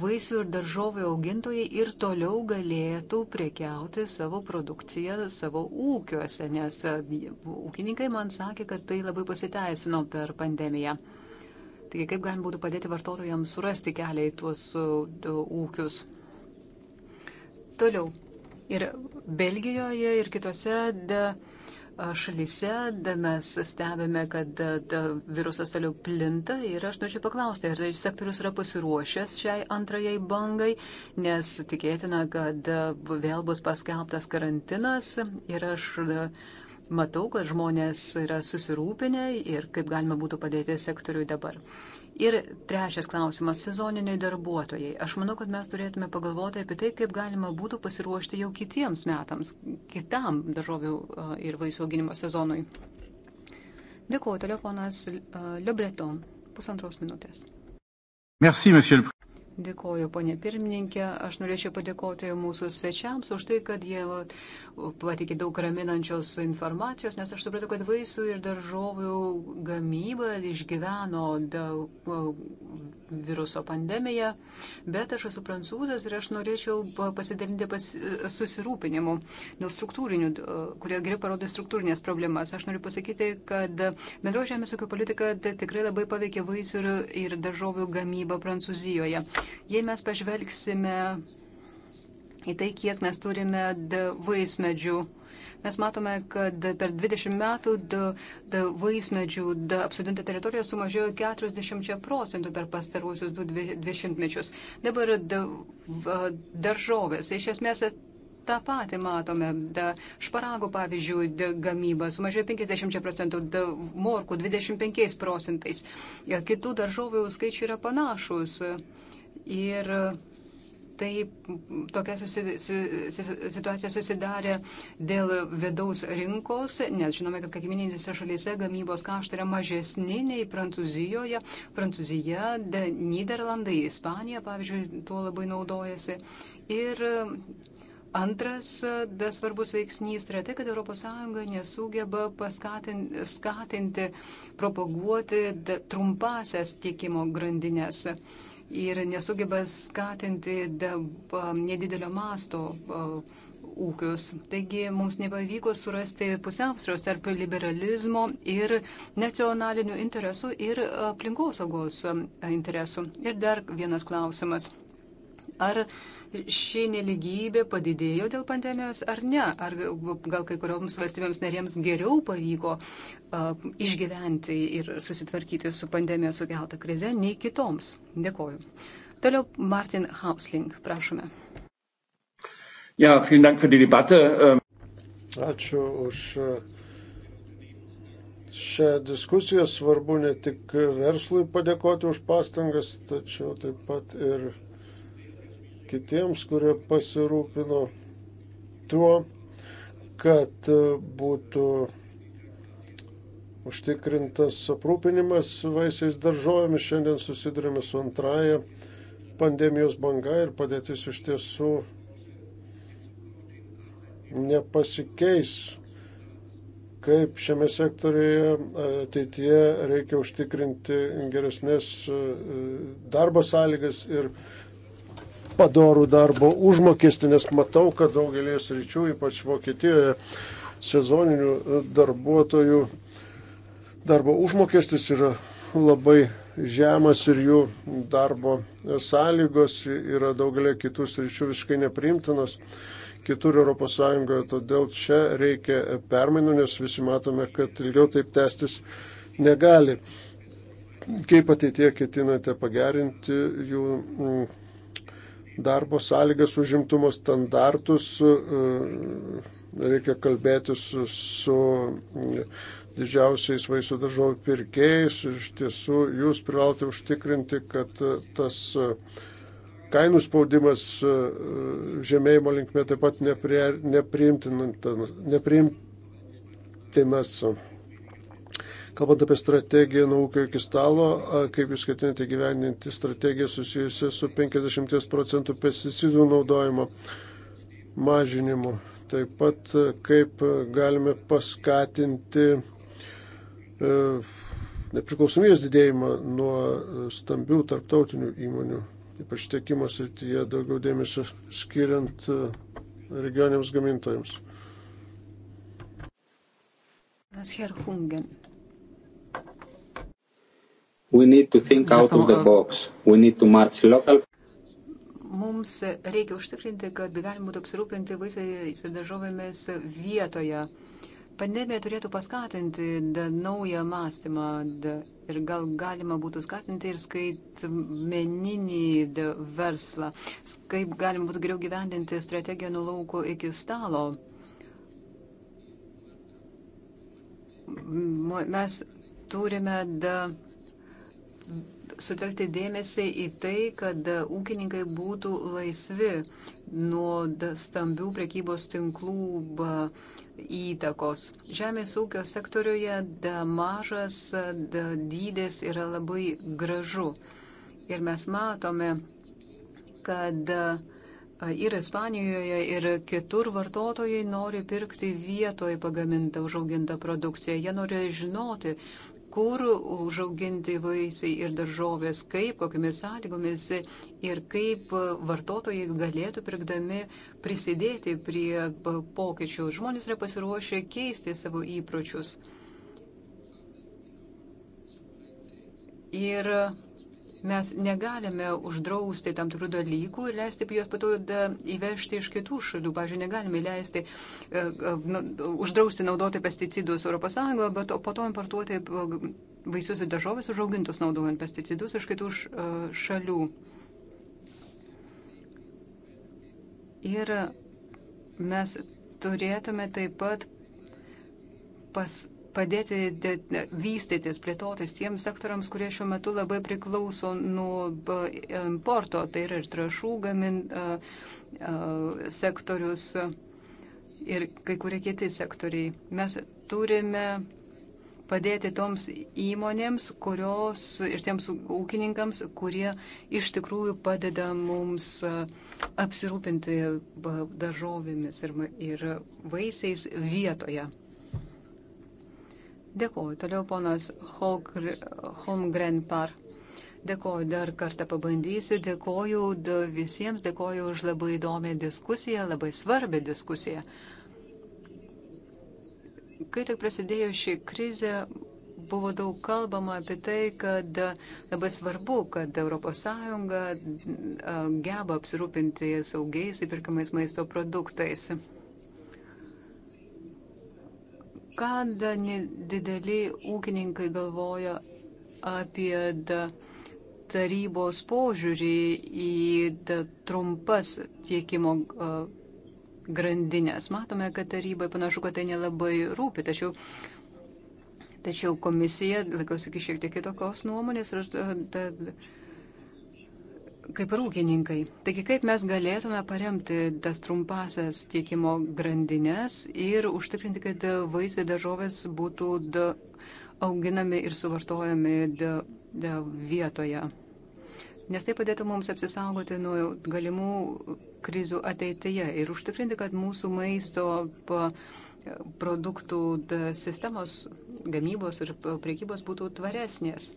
vaisių ir daržovių augintojai ir toliau galėtų prekiauti savo produkciją savo ūkiuose, nes e, ūkininkai man sakė, kad tai labai pasiteisino per pandemiją. Taigi kaip galim būtų padėti vartotojams surasti kelią į tuos e, ūkius. Toliau. Ir Belgijoje, ir kitose de, šalyse de, mes stebime, kad de, de, virusas toliau plinta ir aš norėčiau paklausti, ar sektorius yra pasiruošęs šiai antrajai bangai, nes tikėtina, kad vėl bus paskelbtas karantinas ir aš. De, Matau, kad žmonės yra susirūpinę ir kaip galima būtų padėti sektoriui dabar. Ir trečias klausimas - sezoniniai darbuotojai. Aš manau, kad mes turėtume pagalvoti apie tai, kaip galima būtų pasiruošti jau kitiems metams, kitam daržovių ir vaisių auginimo sezonui. Dėkuoju, toliau ponas Liobreton, pusantros minutės.
Merci, monsieur.
Dėkoju, ponė pirmininkė. Aš norėčiau padėkoti mūsų svečiams už tai, kad jie patikė daug raminančios informacijos, nes aš supratau, kad vaisių ir daržovių gamyba išgyveno viruso pandemiją, bet aš esu prancūzas ir aš norėčiau pasidalinti pas, susirūpinimu dėl struktūrinių, kurie gerai parodo struktūrinės problemas. Aš noriu pasakyti, kad bendro žemės ūkio politika tikrai labai paveikė vaisių ir, ir daržovių gamybą Prancūzijoje. Jei mes pažvelgsime į tai, kiek mes turime vaismedžių, mes matome, kad per 20 metų vaismedžių apsodinta teritorija sumažėjo 40 procentų per pastaruosius 20 mečius. Dabar daržovės iš esmės tą patį matome. Da, šparagų, pavyzdžiui, da, gamyba sumažėjo 50 procentų, da, morkų 25 procentais. Ja, kitų daržovių skaičiai yra panašus. Ir e, taip tokia susi, su, situacija susidarė dėl vidaus rinkos, nes žinome, kad kaimininėse šalyse gamybos kaštai yra mažesni nei Prancūzijoje. Prancūzija, de, Niderlandai, Ispanija, pavyzdžiui, tuo labai naudojasi. Ir e, Antras e, da, svarbus veiksnys yra tai, kad ES nesugeba paskatinti, skatinti, propaguoti da, trumpasias tiekimo grandinės ir nesugeba skatinti nedidelio masto ūkius. Taigi mums nepavyko surasti pusiausvėros tarp liberalizmo ir nacionalinių interesų ir aplinkosaugos interesų. Ir dar vienas klausimas. Ar uh, ši neligybė padidėjo dėl pandemijos ar ne? Ar gal kai kurioms valstybėms narėms geriau pavyko uh, išgyventi ir susitvarkyti su pandemijos sukeltą krize nei kitoms? Dėkoju. Toliau Martin Hausling, prašome.
Ja, Dank für die Debatte. Ähm,
Ačiū už e, šią diskusiją svarbu ne tik verslui padėkoti už pastangas, tačiau taip pat ir kitiems, kurie pasirūpino tuo, kad e, būtų užtikrintas aprūpinimas vaisiais daržovėmis. Šiandien susidurime su antraja pandemijos banga ir padėtis iš tiesų nepasikeis. Kaip šiame sektorėje ateityje reikia užtikrinti geresnės e, e, darbo sąlygas ir padorų darbo užmokestį, nes matau, kad daugelį sričių, ypač Vokietijoje, sezoninių darbuotojų darbo užmokestis yra labai žemas ir jų darbo sąlygos yra daugelį kitų sričių visiškai neprimtinos kitur ES, todėl čia reikia permainų, nes visi matome, kad ilgiau taip tęstis negali. Kaip ateitie ketinate pagerinti jų darbo sąlygas, užimtumo standartus, e, reikia kalbėtis su, su e, didžiausiais vaisių daržovių pirkėjais. Iš tiesų, jūs privalote užtikrinti, kad e, tas kainų spaudimas žemėjimo linkme taip pat neprie, nepriimtinas. Kalbant apie strategiją nuo ūkio iki stalo, kaip jūs ketinate gyveninti strategiją susijusią su 50 procentų pesticidų naudojimo mažinimu. Taip pat kaip galime paskatinti e, nepriklausomybės didėjimą nuo e, stambių tarptautinių įmonių, ypač tiekimo srityje daugiau dėmesio skiriant e, regioniams gamintojams.
Herr Hungen.
We need to think out of the box. We need to match local.
Mums reikia užtikrinti, kad galima būtų apsirūpinti vaisiais ir daržovėmis vietoje. Pandemija turėtų paskatinti naują mąstymą ir gal galima būtų skatinti ir skaitmeninį verslą, kaip galima būtų geriau gyvendinti strategiją nuo lauko iki stalo. Mes turime da, sutelkti dėmesį į tai, kad ūkininkai būtų laisvi nuo stambių prekybos tinklų įtakos. Žemės ūkio sektoriuje da, mažas da, dydis yra labai gražu. Ir mes matome, kad da, Ir Ispanijoje, ir kitur vartotojai nori pirkti vietoje pagamintą užaugintą produkciją. Jie nori žinoti, kur užauginti vaisiai ir daržovės, kaip, kokiamis sąlygomis ir kaip vartotojai galėtų pirkdami prisidėti prie pokyčių. Žmonės yra pasiruošę keisti savo įpročius. Ir Mes negalime uždrausti tam tikrų dalykų ir leisti juos pato e, įvežti iš kitų šalių. Pavyzdžiui, negalime leisti e, e, nu, uždrausti naudoti pesticidus ES, bet po to importuoti vaisius ir daržovės užaugintus naudojant pesticidus iš kitų šalių. Ir mes turėtume taip pat pas, padėti vystytis, plėtotis tiems sektoriams, kurie šiuo metu labai priklauso nuo importo, tai yra ir trašų gamin sektorius ir kai kurie kiti sektoriai. Mes turime padėti toms įmonėms, kurios ir tiems ūkininkams, kurie iš tikrųjų padeda mums apsirūpinti daržovėmis ir, ir vaisiais vietoje. Dėkuoju. Toliau ponas Holmgren par. Dėkuoju dar kartą pabandysiu. Dėkuoju visiems, dėkuoju už labai įdomią diskusiją, labai svarbią diskusiją. Kai tik prasidėjo ši krizė, buvo daug kalbama apie tai, kad labai svarbu, kad ES geba apsirūpinti saugiais įpirkamais maisto produktais kad dideli ūkininkai galvoja apie tarybos požiūrį į trumpas tiekimo grandinės. Matome, kad tarybai panašu, kad tai nelabai rūpi, tačiau, tačiau komisija laikosi iki šiek tiek kitokios nuomonės ir kaip ir ūkininkai. Taigi kaip mes galėtume paremti tas trumpasias tiekimo grandinės ir užtikrinti, kad vaisiai daržovės būtų da, auginami ir suvartojami da, da, vietoje. Nes tai padėtų mums apsisaugoti nuo galimų krizių ateityje ir užtikrinti, kad mūsų maisto produktų da, sistemos gamybos ir priekybos būtų tvaresnės.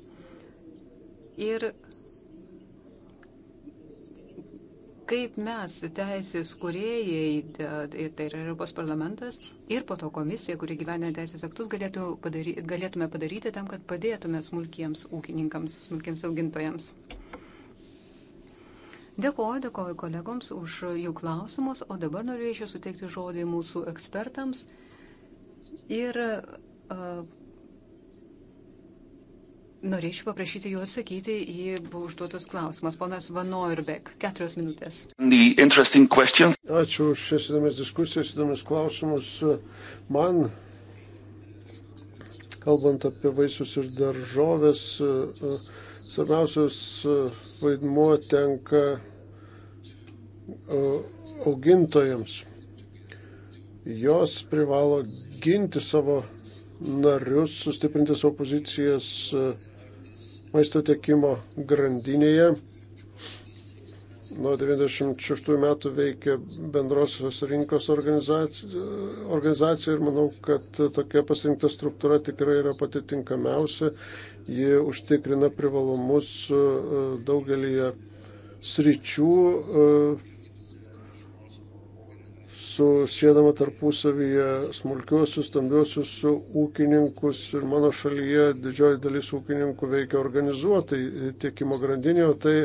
Ir kaip mes, teisės kuriejai, tai, tai yra Europos parlamentas ir po to komisija, kuri gyvena teisės aktus, galėtų padary, galėtume padaryti tam, kad padėtume smulkiems ūkininkams, smulkiems augintojams. Dėkuoju, dėkuoju kolegoms už jų klausimus, o dabar norėčiau suteikti žodį mūsų ekspertams. Ir uh, Norėčiau paprašyti juos atsakyti į užduotus klausimus. Ponas Vanoirbek, keturios
minutės.
Ačiū už šias įdomias diskusijas, įdomius klausimus. Man, kalbant apie vaisius ir daržovės, svarbiausias vaidmuo tenka augintojams. Jos privalo ginti savo narius, sustiprinti savo pozicijas maisto tiekimo grandinėje. Nuo 96 metų veikia bendrosios rinkos organizacija, organizacija ir manau, kad tokia pasirinkta struktūra tikrai yra pati tinkamiausia. Ji užtikrina privalumus e, daugelį sričių e, susėdama tarpusavyje smulkiuosius, stambiuosius ūkininkus ir mano šalyje didžioji dalis ūkininkų veikia organizuotai tiekimo grandinėje, o tai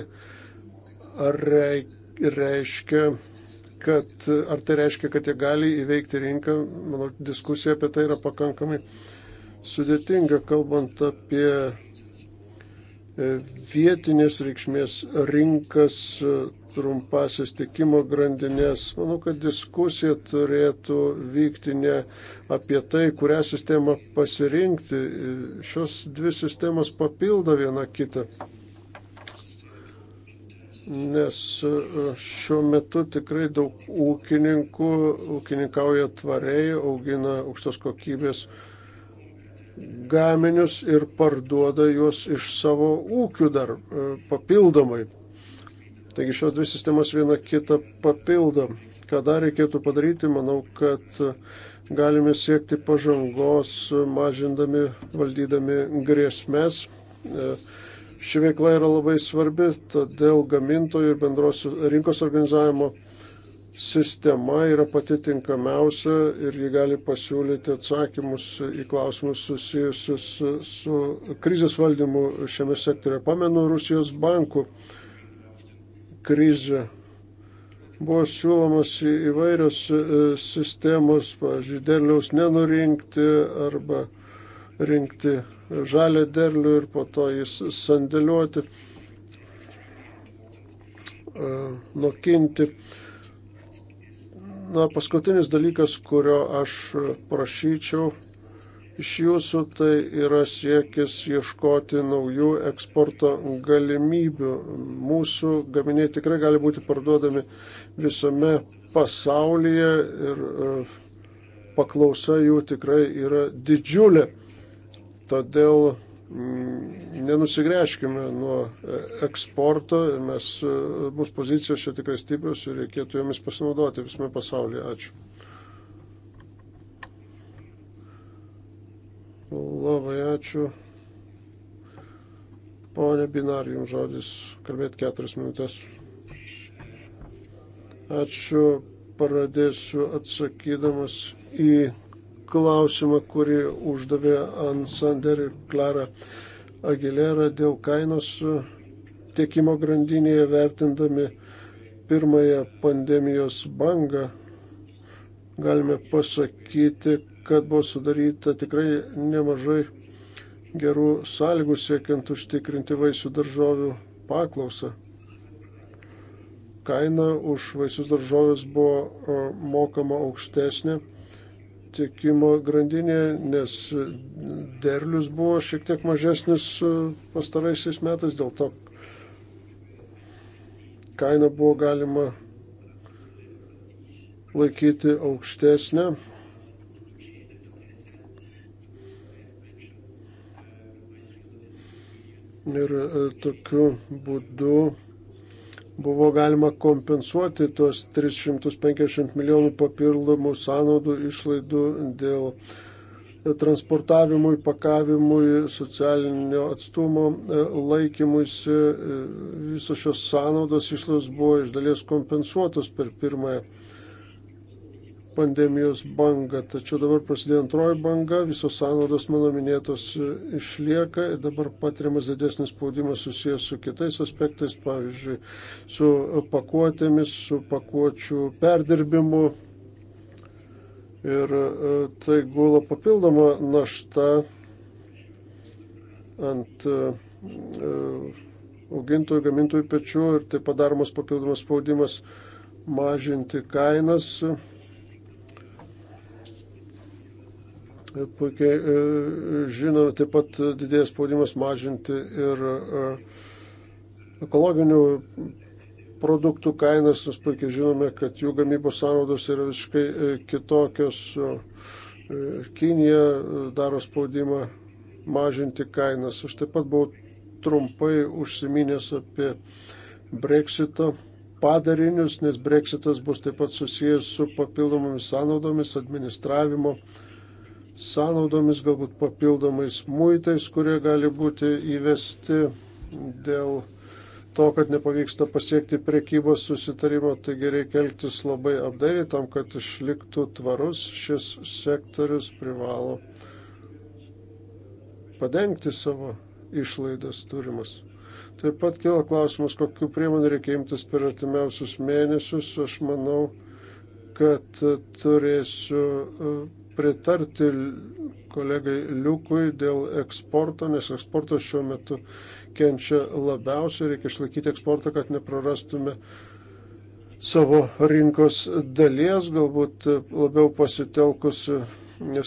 ar reiškia, kad, ar tai reiškia, kad jie gali įveikti rinką, mano diskusija apie tai yra pakankamai sudėtinga, kalbant apie e, vietinės reikšmės rinkas, trumpasias tikimo grandinės. Manau, kad diskusija turėtų vykti ne apie tai, kurią sistemą pasirinkti. Šios dvi sistemos papildo vieną kitą. Nes e, šiuo metu tikrai daug ūkininkų ūkininkauja tvariai, augina aukštos kokybės gaminius ir parduoda juos iš savo ūkių dar e, papildomai. Taigi šios dvi sistemos viena kitą papildo. Ką dar reikėtų padaryti, manau, kad galime siekti pažangos, mažindami, valdydami grėsmės. Ši veikla yra labai svarbi, todėl gamintojų ir bendros rinkos organizavimo sistema yra pati tinkamiausia ir ji gali pasiūlyti atsakymus į klausimus susijusius su, su krizės valdymu šiame sektorė. Pamenu Rusijos bankų krizę. Buvo siūlomas įvairios e, sistemos, pavyzdžiui, derliaus nenurinkti arba rinkti žalę derlių ir po to jis sandėliuoti, e, nukinti. Na, paskutinis dalykas, kurio aš prašyčiau iš jūsų, tai yra siekis ieškoti naujų eksporto galimybių. Mūsų gaminiai tikrai gali būti parduodami visame pasaulyje ir e, paklausa jų tikrai yra didžiulė. Todėl mm, nenusigręžkime nuo e, eksporto, mes, e, mūsų pozicijos čia tikrai stiprios ir reikėtų jomis pasinaudoti visame pasaulyje. Ačiū. Labai ačiū. Pone Binar, jums žodis kalbėti keturias minutės. Ačiū. Pradėsiu atsakydamas į klausimą, kurį uždavė Ansander ir Klara Agilera dėl kainos tiekimo grandinėje vertindami pirmąją pandemijos bangą. Galime pasakyti, kad buvo sudaryta tikrai nemažai gerų sąlygų siekiant užtikrinti vaisių daržovių paklausą. Kaina už vaisius daržovės buvo e, mokama aukštesnė tiekimo grandinėje, nes derlius buvo šiek tiek mažesnis e, pastaraisiais metais, dėl to kainą buvo galima laikyti aukštesnę Ir e, tokiu būdu buvo galima kompensuoti tuos 350 milijonų papildomų sąnaudų išlaidų dėl e, transportavimui, pakavimui, socialinio atstumo e, laikymuisi. Visos šios sąnaudos išlaidos buvo iš dalies kompensuotos per pirmąją pandemijos bangą, tačiau dabar prasidėjo antroji banga, visos sąnaudos mano minėtos išlieka ir dabar patiriamas didesnis spaudimas susijęs su kitais aspektais, pavyzdžiui, su pakuotėmis, su pakuočių perdirbimu ir e, tai gula papildoma našta ant e, e, augintojų, gamintojų pečių ir tai padaromos papildomas spaudimas mažinti kainas puikiai e, žinome, taip pat didėjęs spaudimas mažinti ir e, ekologinių produktų kainas, nes puikiai žinome, kad jų gamybos sąnaudos yra visiškai e, kitokios. Kinija daro spaudimą mažinti kainas. Aš taip pat buvau trumpai užsiminęs apie breksito padarinius, nes breksitas bus taip pat susijęs su papildomomis sąnaudomis administravimo sąnaudomis, galbūt papildomais muitais, kurie gali būti įvesti dėl to, kad nepavyksta pasiekti priekybos susitarimo, taigi reikia elgtis labai apdairiai tam, kad išliktų tvarus šis sektorius privalo padengti savo išlaidas turimas. Taip pat kila klausimas, kokiu priemonių reikia imtis per artimiausius mėnesius. Aš manau, kad turėsiu pritarti kolegai Liukui dėl eksporto, nes eksportas šiuo metu kenčia labiausiai, reikia išlaikyti eksportą, kad neprarastume savo rinkos dalies, galbūt labiau pasitelkus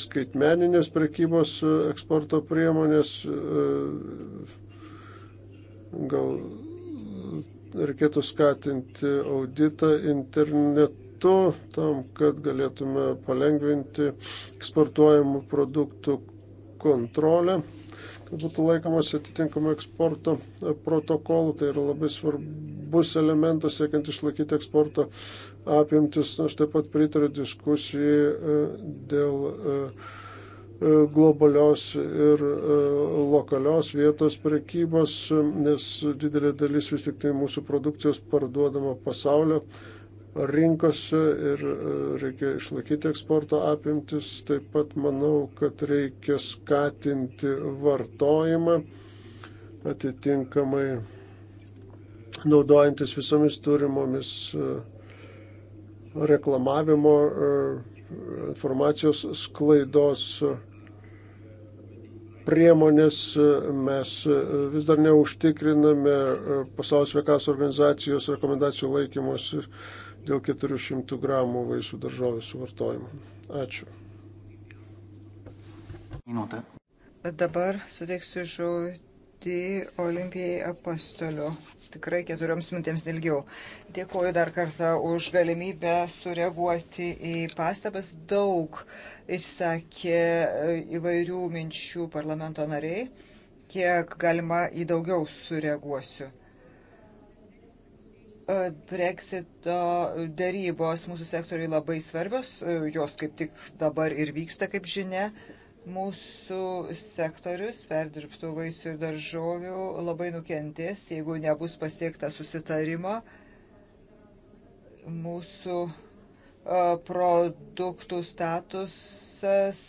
skaitmeninės prekybos eksporto priemonės, gal reikėtų skatinti auditą internetu kitu, tam, kad galėtume palengvinti eksportuojamų produktų kontrolę, kad būtų laikomas atitinkamų eksporto protokolų. Tai yra labai svarbus elementas, siekiant išlaikyti eksporto apimtis. Aš taip pat pritariu diskusijai e, dėl e, e, globalios ir lokalios vietos prekybos, nes didelė dalis vis tik tai mūsų produkcijos parduodama pasaulio rinkose ir e, reikia išlaikyti eksporto apimtis. Taip pat manau, kad reikia skatinti vartojimą atitinkamai naudojantis visomis turimomis e, reklamavimo e, informacijos sklaidos priemonės mes vis dar neužtikriname pasaulio sveikatos organizacijos rekomendacijų laikymus dėl 400 gramų vaisių daržovių suvartojimo. Ačiū.
Minutė.
Dabar suteiksiu žodį Olimpijai apostoliu. Tikrai keturioms minutėms ilgiau. Dėkuoju dar kartą už galimybę sureaguoti į pastabas. Daug išsakė įvairių minčių parlamento nariai. Kiek galima į daugiau sureaguosiu. Brexito darybos mūsų sektoriai labai svarbios, jos kaip tik dabar ir vyksta, kaip žinia. Mūsų sektorius perdirbtų vaisių ir daržovių labai nukentės, jeigu nebus pasiekta susitarimo. Mūsų produktų statusas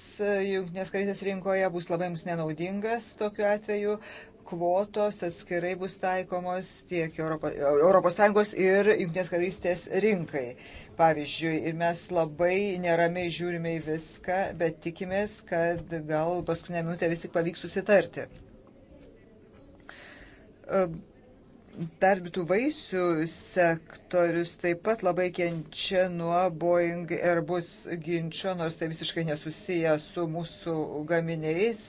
jungtinės karalystės rinkoje bus labai mums nenaudingas tokiu atveju kvotos atskirai bus taikomos tiek Europo, ES ir Junktinės karalystės rinkai. Pavyzdžiui, ir mes labai neramiai žiūrime į viską, bet tikimės, kad gal paskutinę minutę vis tik pavyks susitarti. E, Perbitų vaisių sektorius taip pat labai kenčia nuo Boeing Airbus ginčio, nors tai visiškai nesusiję su mūsų gaminiais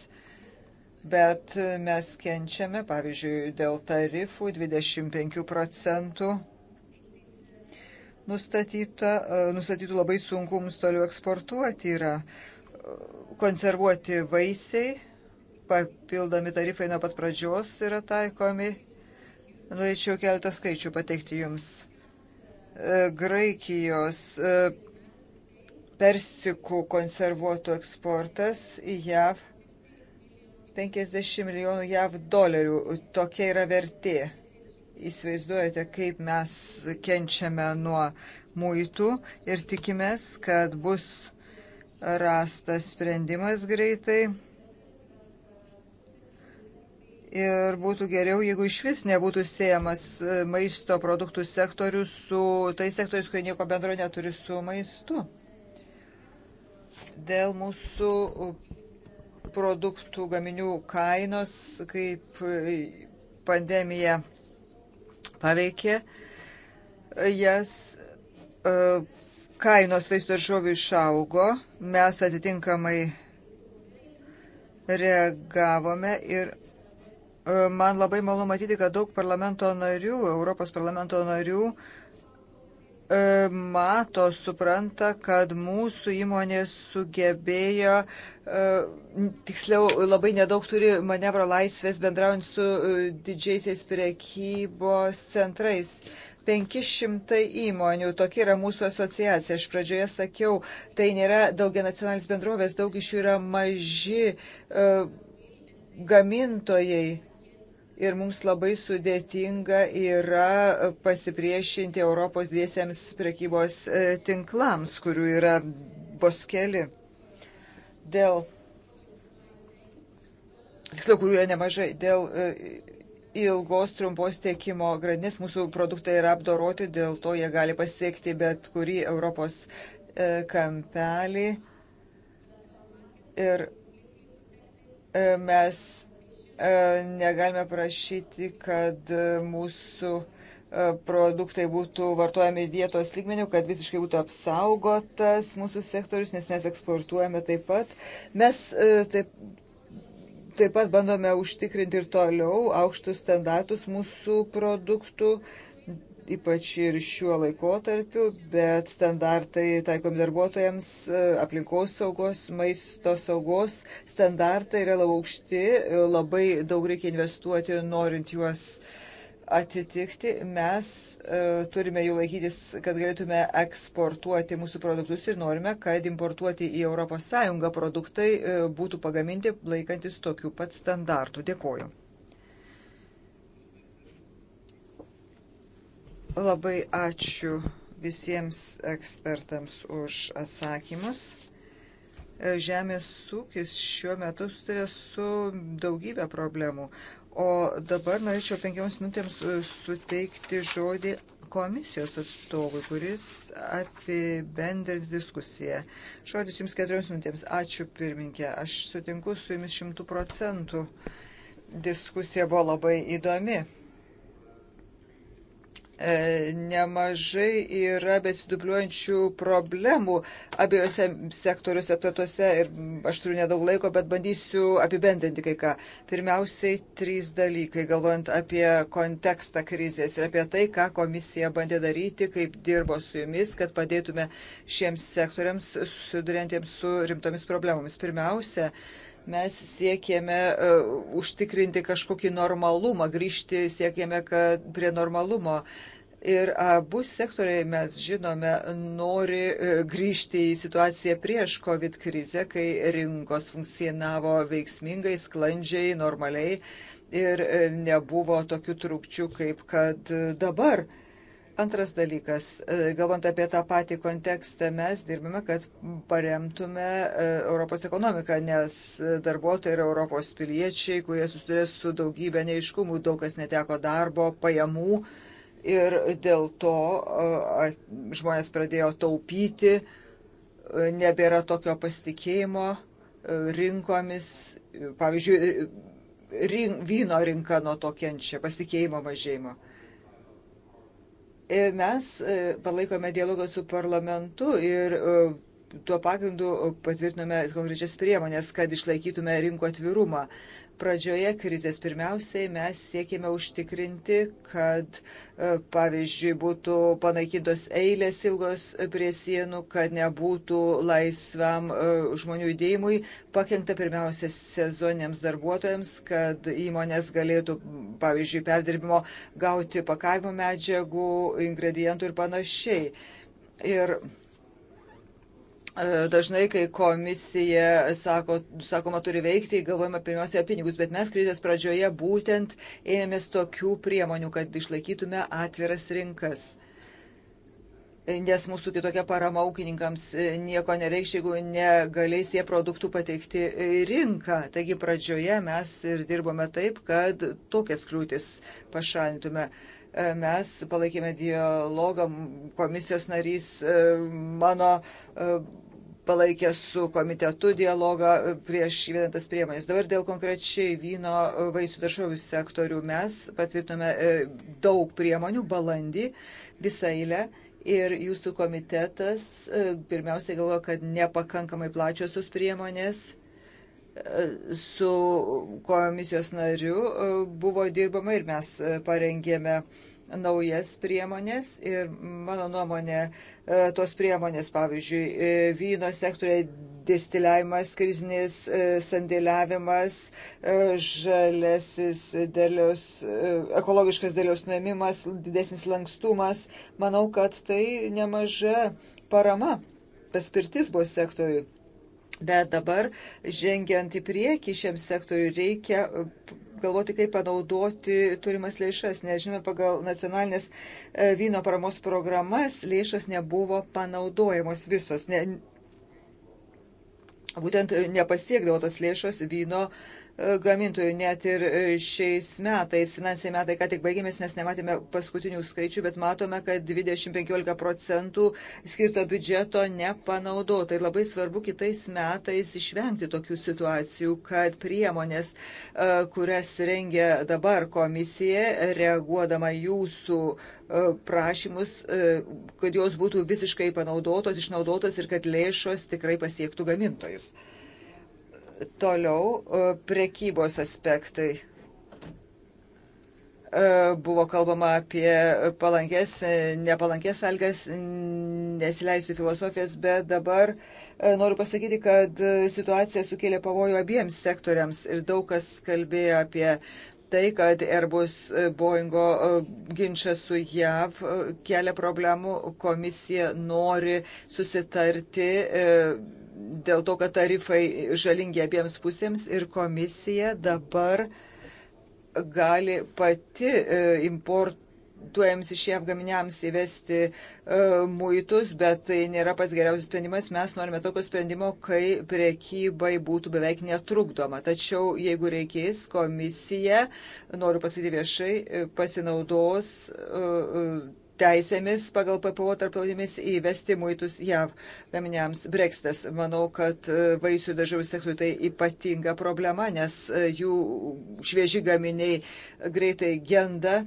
bet mes kenčiame, pavyzdžiui, dėl tarifų 25 procentų nustatyta, nustatytų labai sunku mums toliau eksportuoti yra e, konservuoti vaisiai, papildomi tarifai nuo pat pradžios yra taikomi. Norėčiau keletą skaičių pateikti jums. E, Graikijos e, persikų konservuotų eksportas į JAV 50 milijonų JAV dolerių. Tokia yra vertė. Įsivaizduojate, kaip mes kenčiame nuo muitų ir tikimės, kad bus rastas sprendimas greitai. Ir būtų geriau, jeigu iš vis nebūtų siejamas e, maisto produktų sektorius su tais sektoriais, kurie nieko bendro neturi su maistu. Dėl mūsų produktų gaminių kainos, kaip e, pandemija paveikė, e, jas e, kainos vaisių daržovių išaugo, mes atitinkamai reagavome ir man labai malu matyti, kad daug parlamento narių, Europos parlamento narių, uh, E, mato, supranta, kad mūsų įmonės sugebėjo, e, tiksliau, labai nedaug turi manevro laisvės bendraujant su e, didžiaisiais prekybos centrais. 500 įmonių, tokia yra mūsų asociacija. Aš pradžioje sakiau, tai nėra daugia nacionalis bendrovės, daug iš jų yra maži gamintojai ir mums labai sudėtinga yra pasipriešinti Europos dėsiams prekybos e, tinklams, kurių yra vos keli. Dėl, tiksliau, kurių yra nemažai, dėl e, ilgos trumpos tiekimo grandinės mūsų produktai yra apdoroti, dėl to jie gali pasiekti bet kurį Europos e, kampelį. Ir mes E, negalime prašyti, kad e, mūsų e, produktai būtų vartojami vietos lygmenių, kad visiškai būtų apsaugotas mūsų sektorius, nes mes eksportuojame taip pat. Mes taip, taip pat bandome užtikrinti ir toliau aukštus standartus mūsų produktų uh, ypač ir šiuo laikotarpiu, bet standartai taikomi darbuotojams, e, aplinkos saugos, maisto saugos standartai yra labai aukšti, e, labai daug reikia investuoti, norint juos atitikti. Mes e, turime jų laikytis, kad galėtume eksportuoti mūsų produktus ir norime, kad importuoti į ES produktai būtų pagaminti laikantis tokių pat standartų. Dėkuoju. Labai ačiū visiems ekspertams už atsakymus. Žemės ūkis šiuo metu susiduria su daugybė problemų. O dabar norėčiau penkioms minutėms e, suteikti žodį komisijos atstovui, kuris apibendrins diskusiją. Žodis jums keturioms minutėms. Ačiū pirminkė. Aš sutinku su jumis šimtų procentų. Diskusija buvo labai įdomi. E, nemažai yra besidubliuojančių problemų abiejose sektoriuose aptartuose ir aš turiu nedaug laiko, bet bandysiu apibendrinti kai ką. Pirmiausiai trys dalykai, galvojant apie kontekstą krizės ir apie tai, ką komisija bandė daryti, kaip dirbo su jumis, kad padėtume šiems sektoriams susidurintiems su rimtomis problemomis. Pirmiausia, mes siekėme uh, užtikrinti kažkokį normalumą, grįžti siekėme kad, prie normalumo. Ir abu sektoriai, mes žinome, nori e, grįžti į situaciją prieš COVID krizę, kai rinkos funkcionavo veiksmingai, sklandžiai, normaliai ir e, nebuvo tokių trūkčių, kaip kad dabar. Uh, Antras dalykas, e, galvant apie tą patį kontekstą, mes dirbame, kad paremtume e, Europos ekonomiką, nes e, darbuotojai yra Europos piliečiai, kurie susidurė su daugybė neiškumų, daug kas neteko darbo, pajamų ir dėl to žmonės pradėjo taupyti, nebėra tokio pasitikėjimo rinkomis. Pavyzdžiui, rink, vyno rinka nuo to kenčia, pasitikėjimo mažėjimo. E, mes e, palaikome dialogą su parlamentu ir e, tuo pagrindu patvirtinome konkrečias priemonės, kad išlaikytume rinko atvirumą pradžioje krizės pirmiausiai mes siekėme užtikrinti, kad e, pavyzdžiui būtų panaikintos eilės ilgos prie sienų, kad nebūtų laisvam e, žmonių judėjimui, pakengta pirmiausia sezoniniams darbuotojams, kad įmonės galėtų, pavyzdžiui, perdirbimo gauti pakavimo medžiagų, ingredientų ir panašiai. Ir Dažnai, kai komisija sako, sakoma, turi veikti, galvojame pirmiausia apie pinigus, bet mes krizės pradžioje būtent ėmėmės tokių priemonių, kad išlaikytume atviras rinkas. Nes mūsų kitokia parama ūkininkams e, nieko nereikš, jeigu negalės jie produktų pateikti į e, rinką. Taigi pradžioje mes ir dirbome taip, kad tokias kliūtis pašalintume e, mes palaikėme dialogą, komisijos narys mano palaikė su komitetu dialogą prieš įvedantas priemonės. Dabar dėl konkrečiai vyno vaisių daržovių sektorių mes patvirtinome e, daug priemonių balandį visą eilę. Ir jūsų komitetas e, pirmiausiai galvoja, kad nepakankamai plačios tos priemonės e, su komisijos nariu buvo dirbama ir mes parengėme naujas priemonės ir mano nuomonė e, tos priemonės, pavyzdžiui, e, vyno sektorė distiliavimas, krizinis e, sandėliavimas, žalesis dėlius, ekologiškas dėlius nuėmimas, didesnis lankstumas. Manau, kad tai nemaža parama paspirtis buvo sektoriui. Bet dabar, žengiant į priekį šiam sektoriu, reikia e, galvoti, kaip panaudoti turimas lėšas, nes žinome, pagal nacionalinės e, vyno paramos programas lėšas nebuvo panaudojamos visos. Ne, būtent e, nepasiekdavo tos lėšos vyno gamintojų. Net ir e, šiais metais, finansiniai metai, ką tik baigėmės, mes nematėme paskutinių skaičių, bet matome, kad 20-15 procentų skirto biudžeto nepanaudota. Ir labai svarbu kitais metais išvengti tokių situacijų, kad priemonės, e, kurias rengia dabar komisija, reaguodama jūsų e, prašymus, kad jos būtų visiškai panaudotos, išnaudotos ir kad lėšos tikrai pasiektų gamintojus. Toliau e, prekybos aspektai. E, buvo kalbama apie palankės, nepalankės algas, nesileisiu filosofijas, bet dabar e, noriu pasakyti, kad situacija sukėlė pavojų abiems sektoriams ir daug kas kalbėjo apie tai, kad Airbus Boeingo ginčas su JAV kelia problemų, komisija nori susitarti dėl to, kad tarifai žalingi abiems pusėms ir komisija dabar gali pati e, importuojams iš jav gaminiams įvesti e, muitus, bet tai nėra pats geriausias sprendimas. Mes norime tokio sprendimo, kai priekybai būtų beveik netrukdoma. Tačiau jeigu reikės, komisija, noriu pasakyti viešai, e, pasinaudos teisėmis pagal PPO tarptautinėmis įvesti muitus JAV gaminiams. Brexitas, manau, kad e, vaisių dažiau sektoriui tai ypatinga problema, nes e, jų švieži gaminiai greitai genda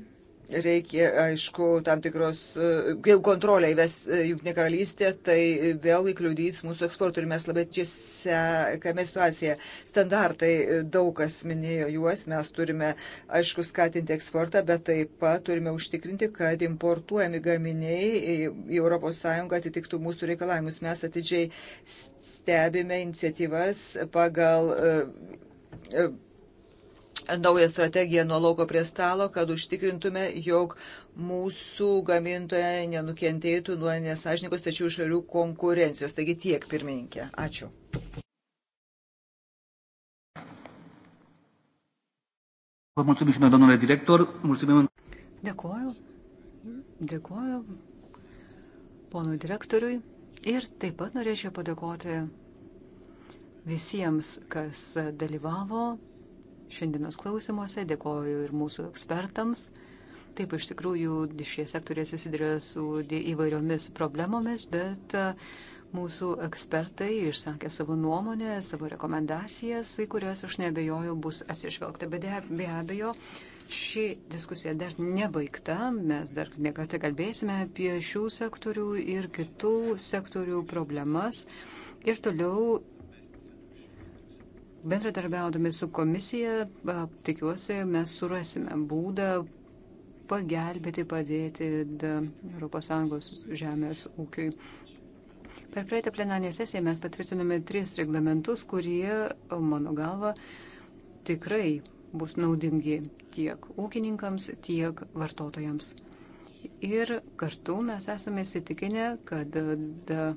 reikia, aišku, tam tikros, e, jeigu kontrolę įves e, Junktinė karalystė, tai vėl įkliudys mūsų eksportui ir mes labai čia sekame situaciją. Standartai e, daug kas minėjo juos, mes turime, aišku, skatinti eksportą, bet taip pat turime užtikrinti, kad importuojami gaminiai į ES atitiktų mūsų reikalavimus. Mes atidžiai stebime iniciatyvas pagal naują strategiją nuo lauko prie stalo, kad užtikrintume, jog mūsų gamintojai nenukentėtų nuo nesažininkos tačių šalių konkurencijos. Taigi tiek, pirmininkė. Ačiū.
Mulțumim, domnule director. Mulțumim.
Dėkuoju. Dėkuoju ponui direktoriui. Ir taip pat norėčiau padėkoti visiems, kas dalyvavo šiandienos klausimuose, dėkoju ir mūsų ekspertams. Taip, iš tikrųjų, šie sektoriai susiduria su įvairiomis problemomis, bet e, mūsų ekspertai išsakė savo nuomonę, savo rekomendacijas, į kurias aš nebejoju bus atsižvelgta. Bet be abejo, ši diskusija dar nebaigta, mes dar nekartą kalbėsime apie šių sektorių ir kitų sektorių problemas ir toliau Bendradarbiaudami su komisija, tikiuosi, mes surasime būdą pagelbėti, padėti ES žemės ūkiui. Per praeitą plenarinę sesiją mes patvirtinome tris reglamentus, kurie, mano galva, tikrai bus naudingi tiek ūkininkams, tiek vartotojams. Ir kartu mes esame įsitikinę, kad da,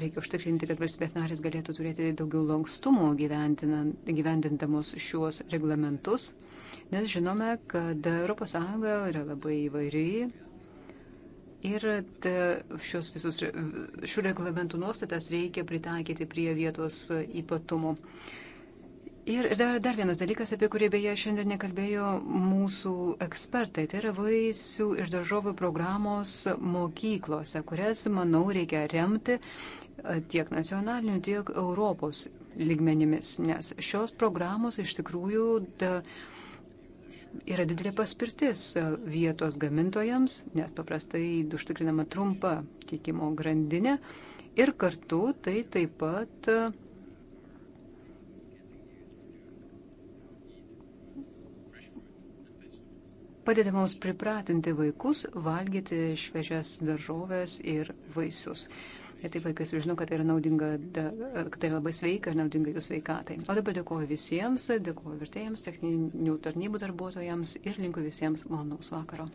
reikia užtikrinti, kad valstybės narės galėtų turėti daugiau lankstumo gyvendindamos šiuos reglamentus, nes žinome, kad ES yra labai įvairi ir šios visus šių reglamentų nuostatas reikia pritaikyti prie vietos ypatumų. Ir dar, dar vienas dalykas, apie kurį beje šiandien nekalbėjo mūsų ekspertai, tai yra vaisių ir daržovių programos mokyklose, kurias, manau, reikia remti e, tiek nacionaliniu, tiek Europos lygmenimis, nes šios programos iš tikrųjų da, yra didelė paspirtis e, vietos gamintojams, net paprastai užtikrinama trumpa tiekimo grandinė ir kartu tai taip pat e, padeda mums pripratinti vaikus valgyti šviežias daržovės ir vaisius. Ir taip vaikai sužino, kad tai yra naudinga, kad tai labai sveika ir naudinga jų sveikatai. O dabar dėkoju visiems, dėkoju vertėjams, techninių tarnybų darbuotojams
ir linkiu visiems malonaus vakaro.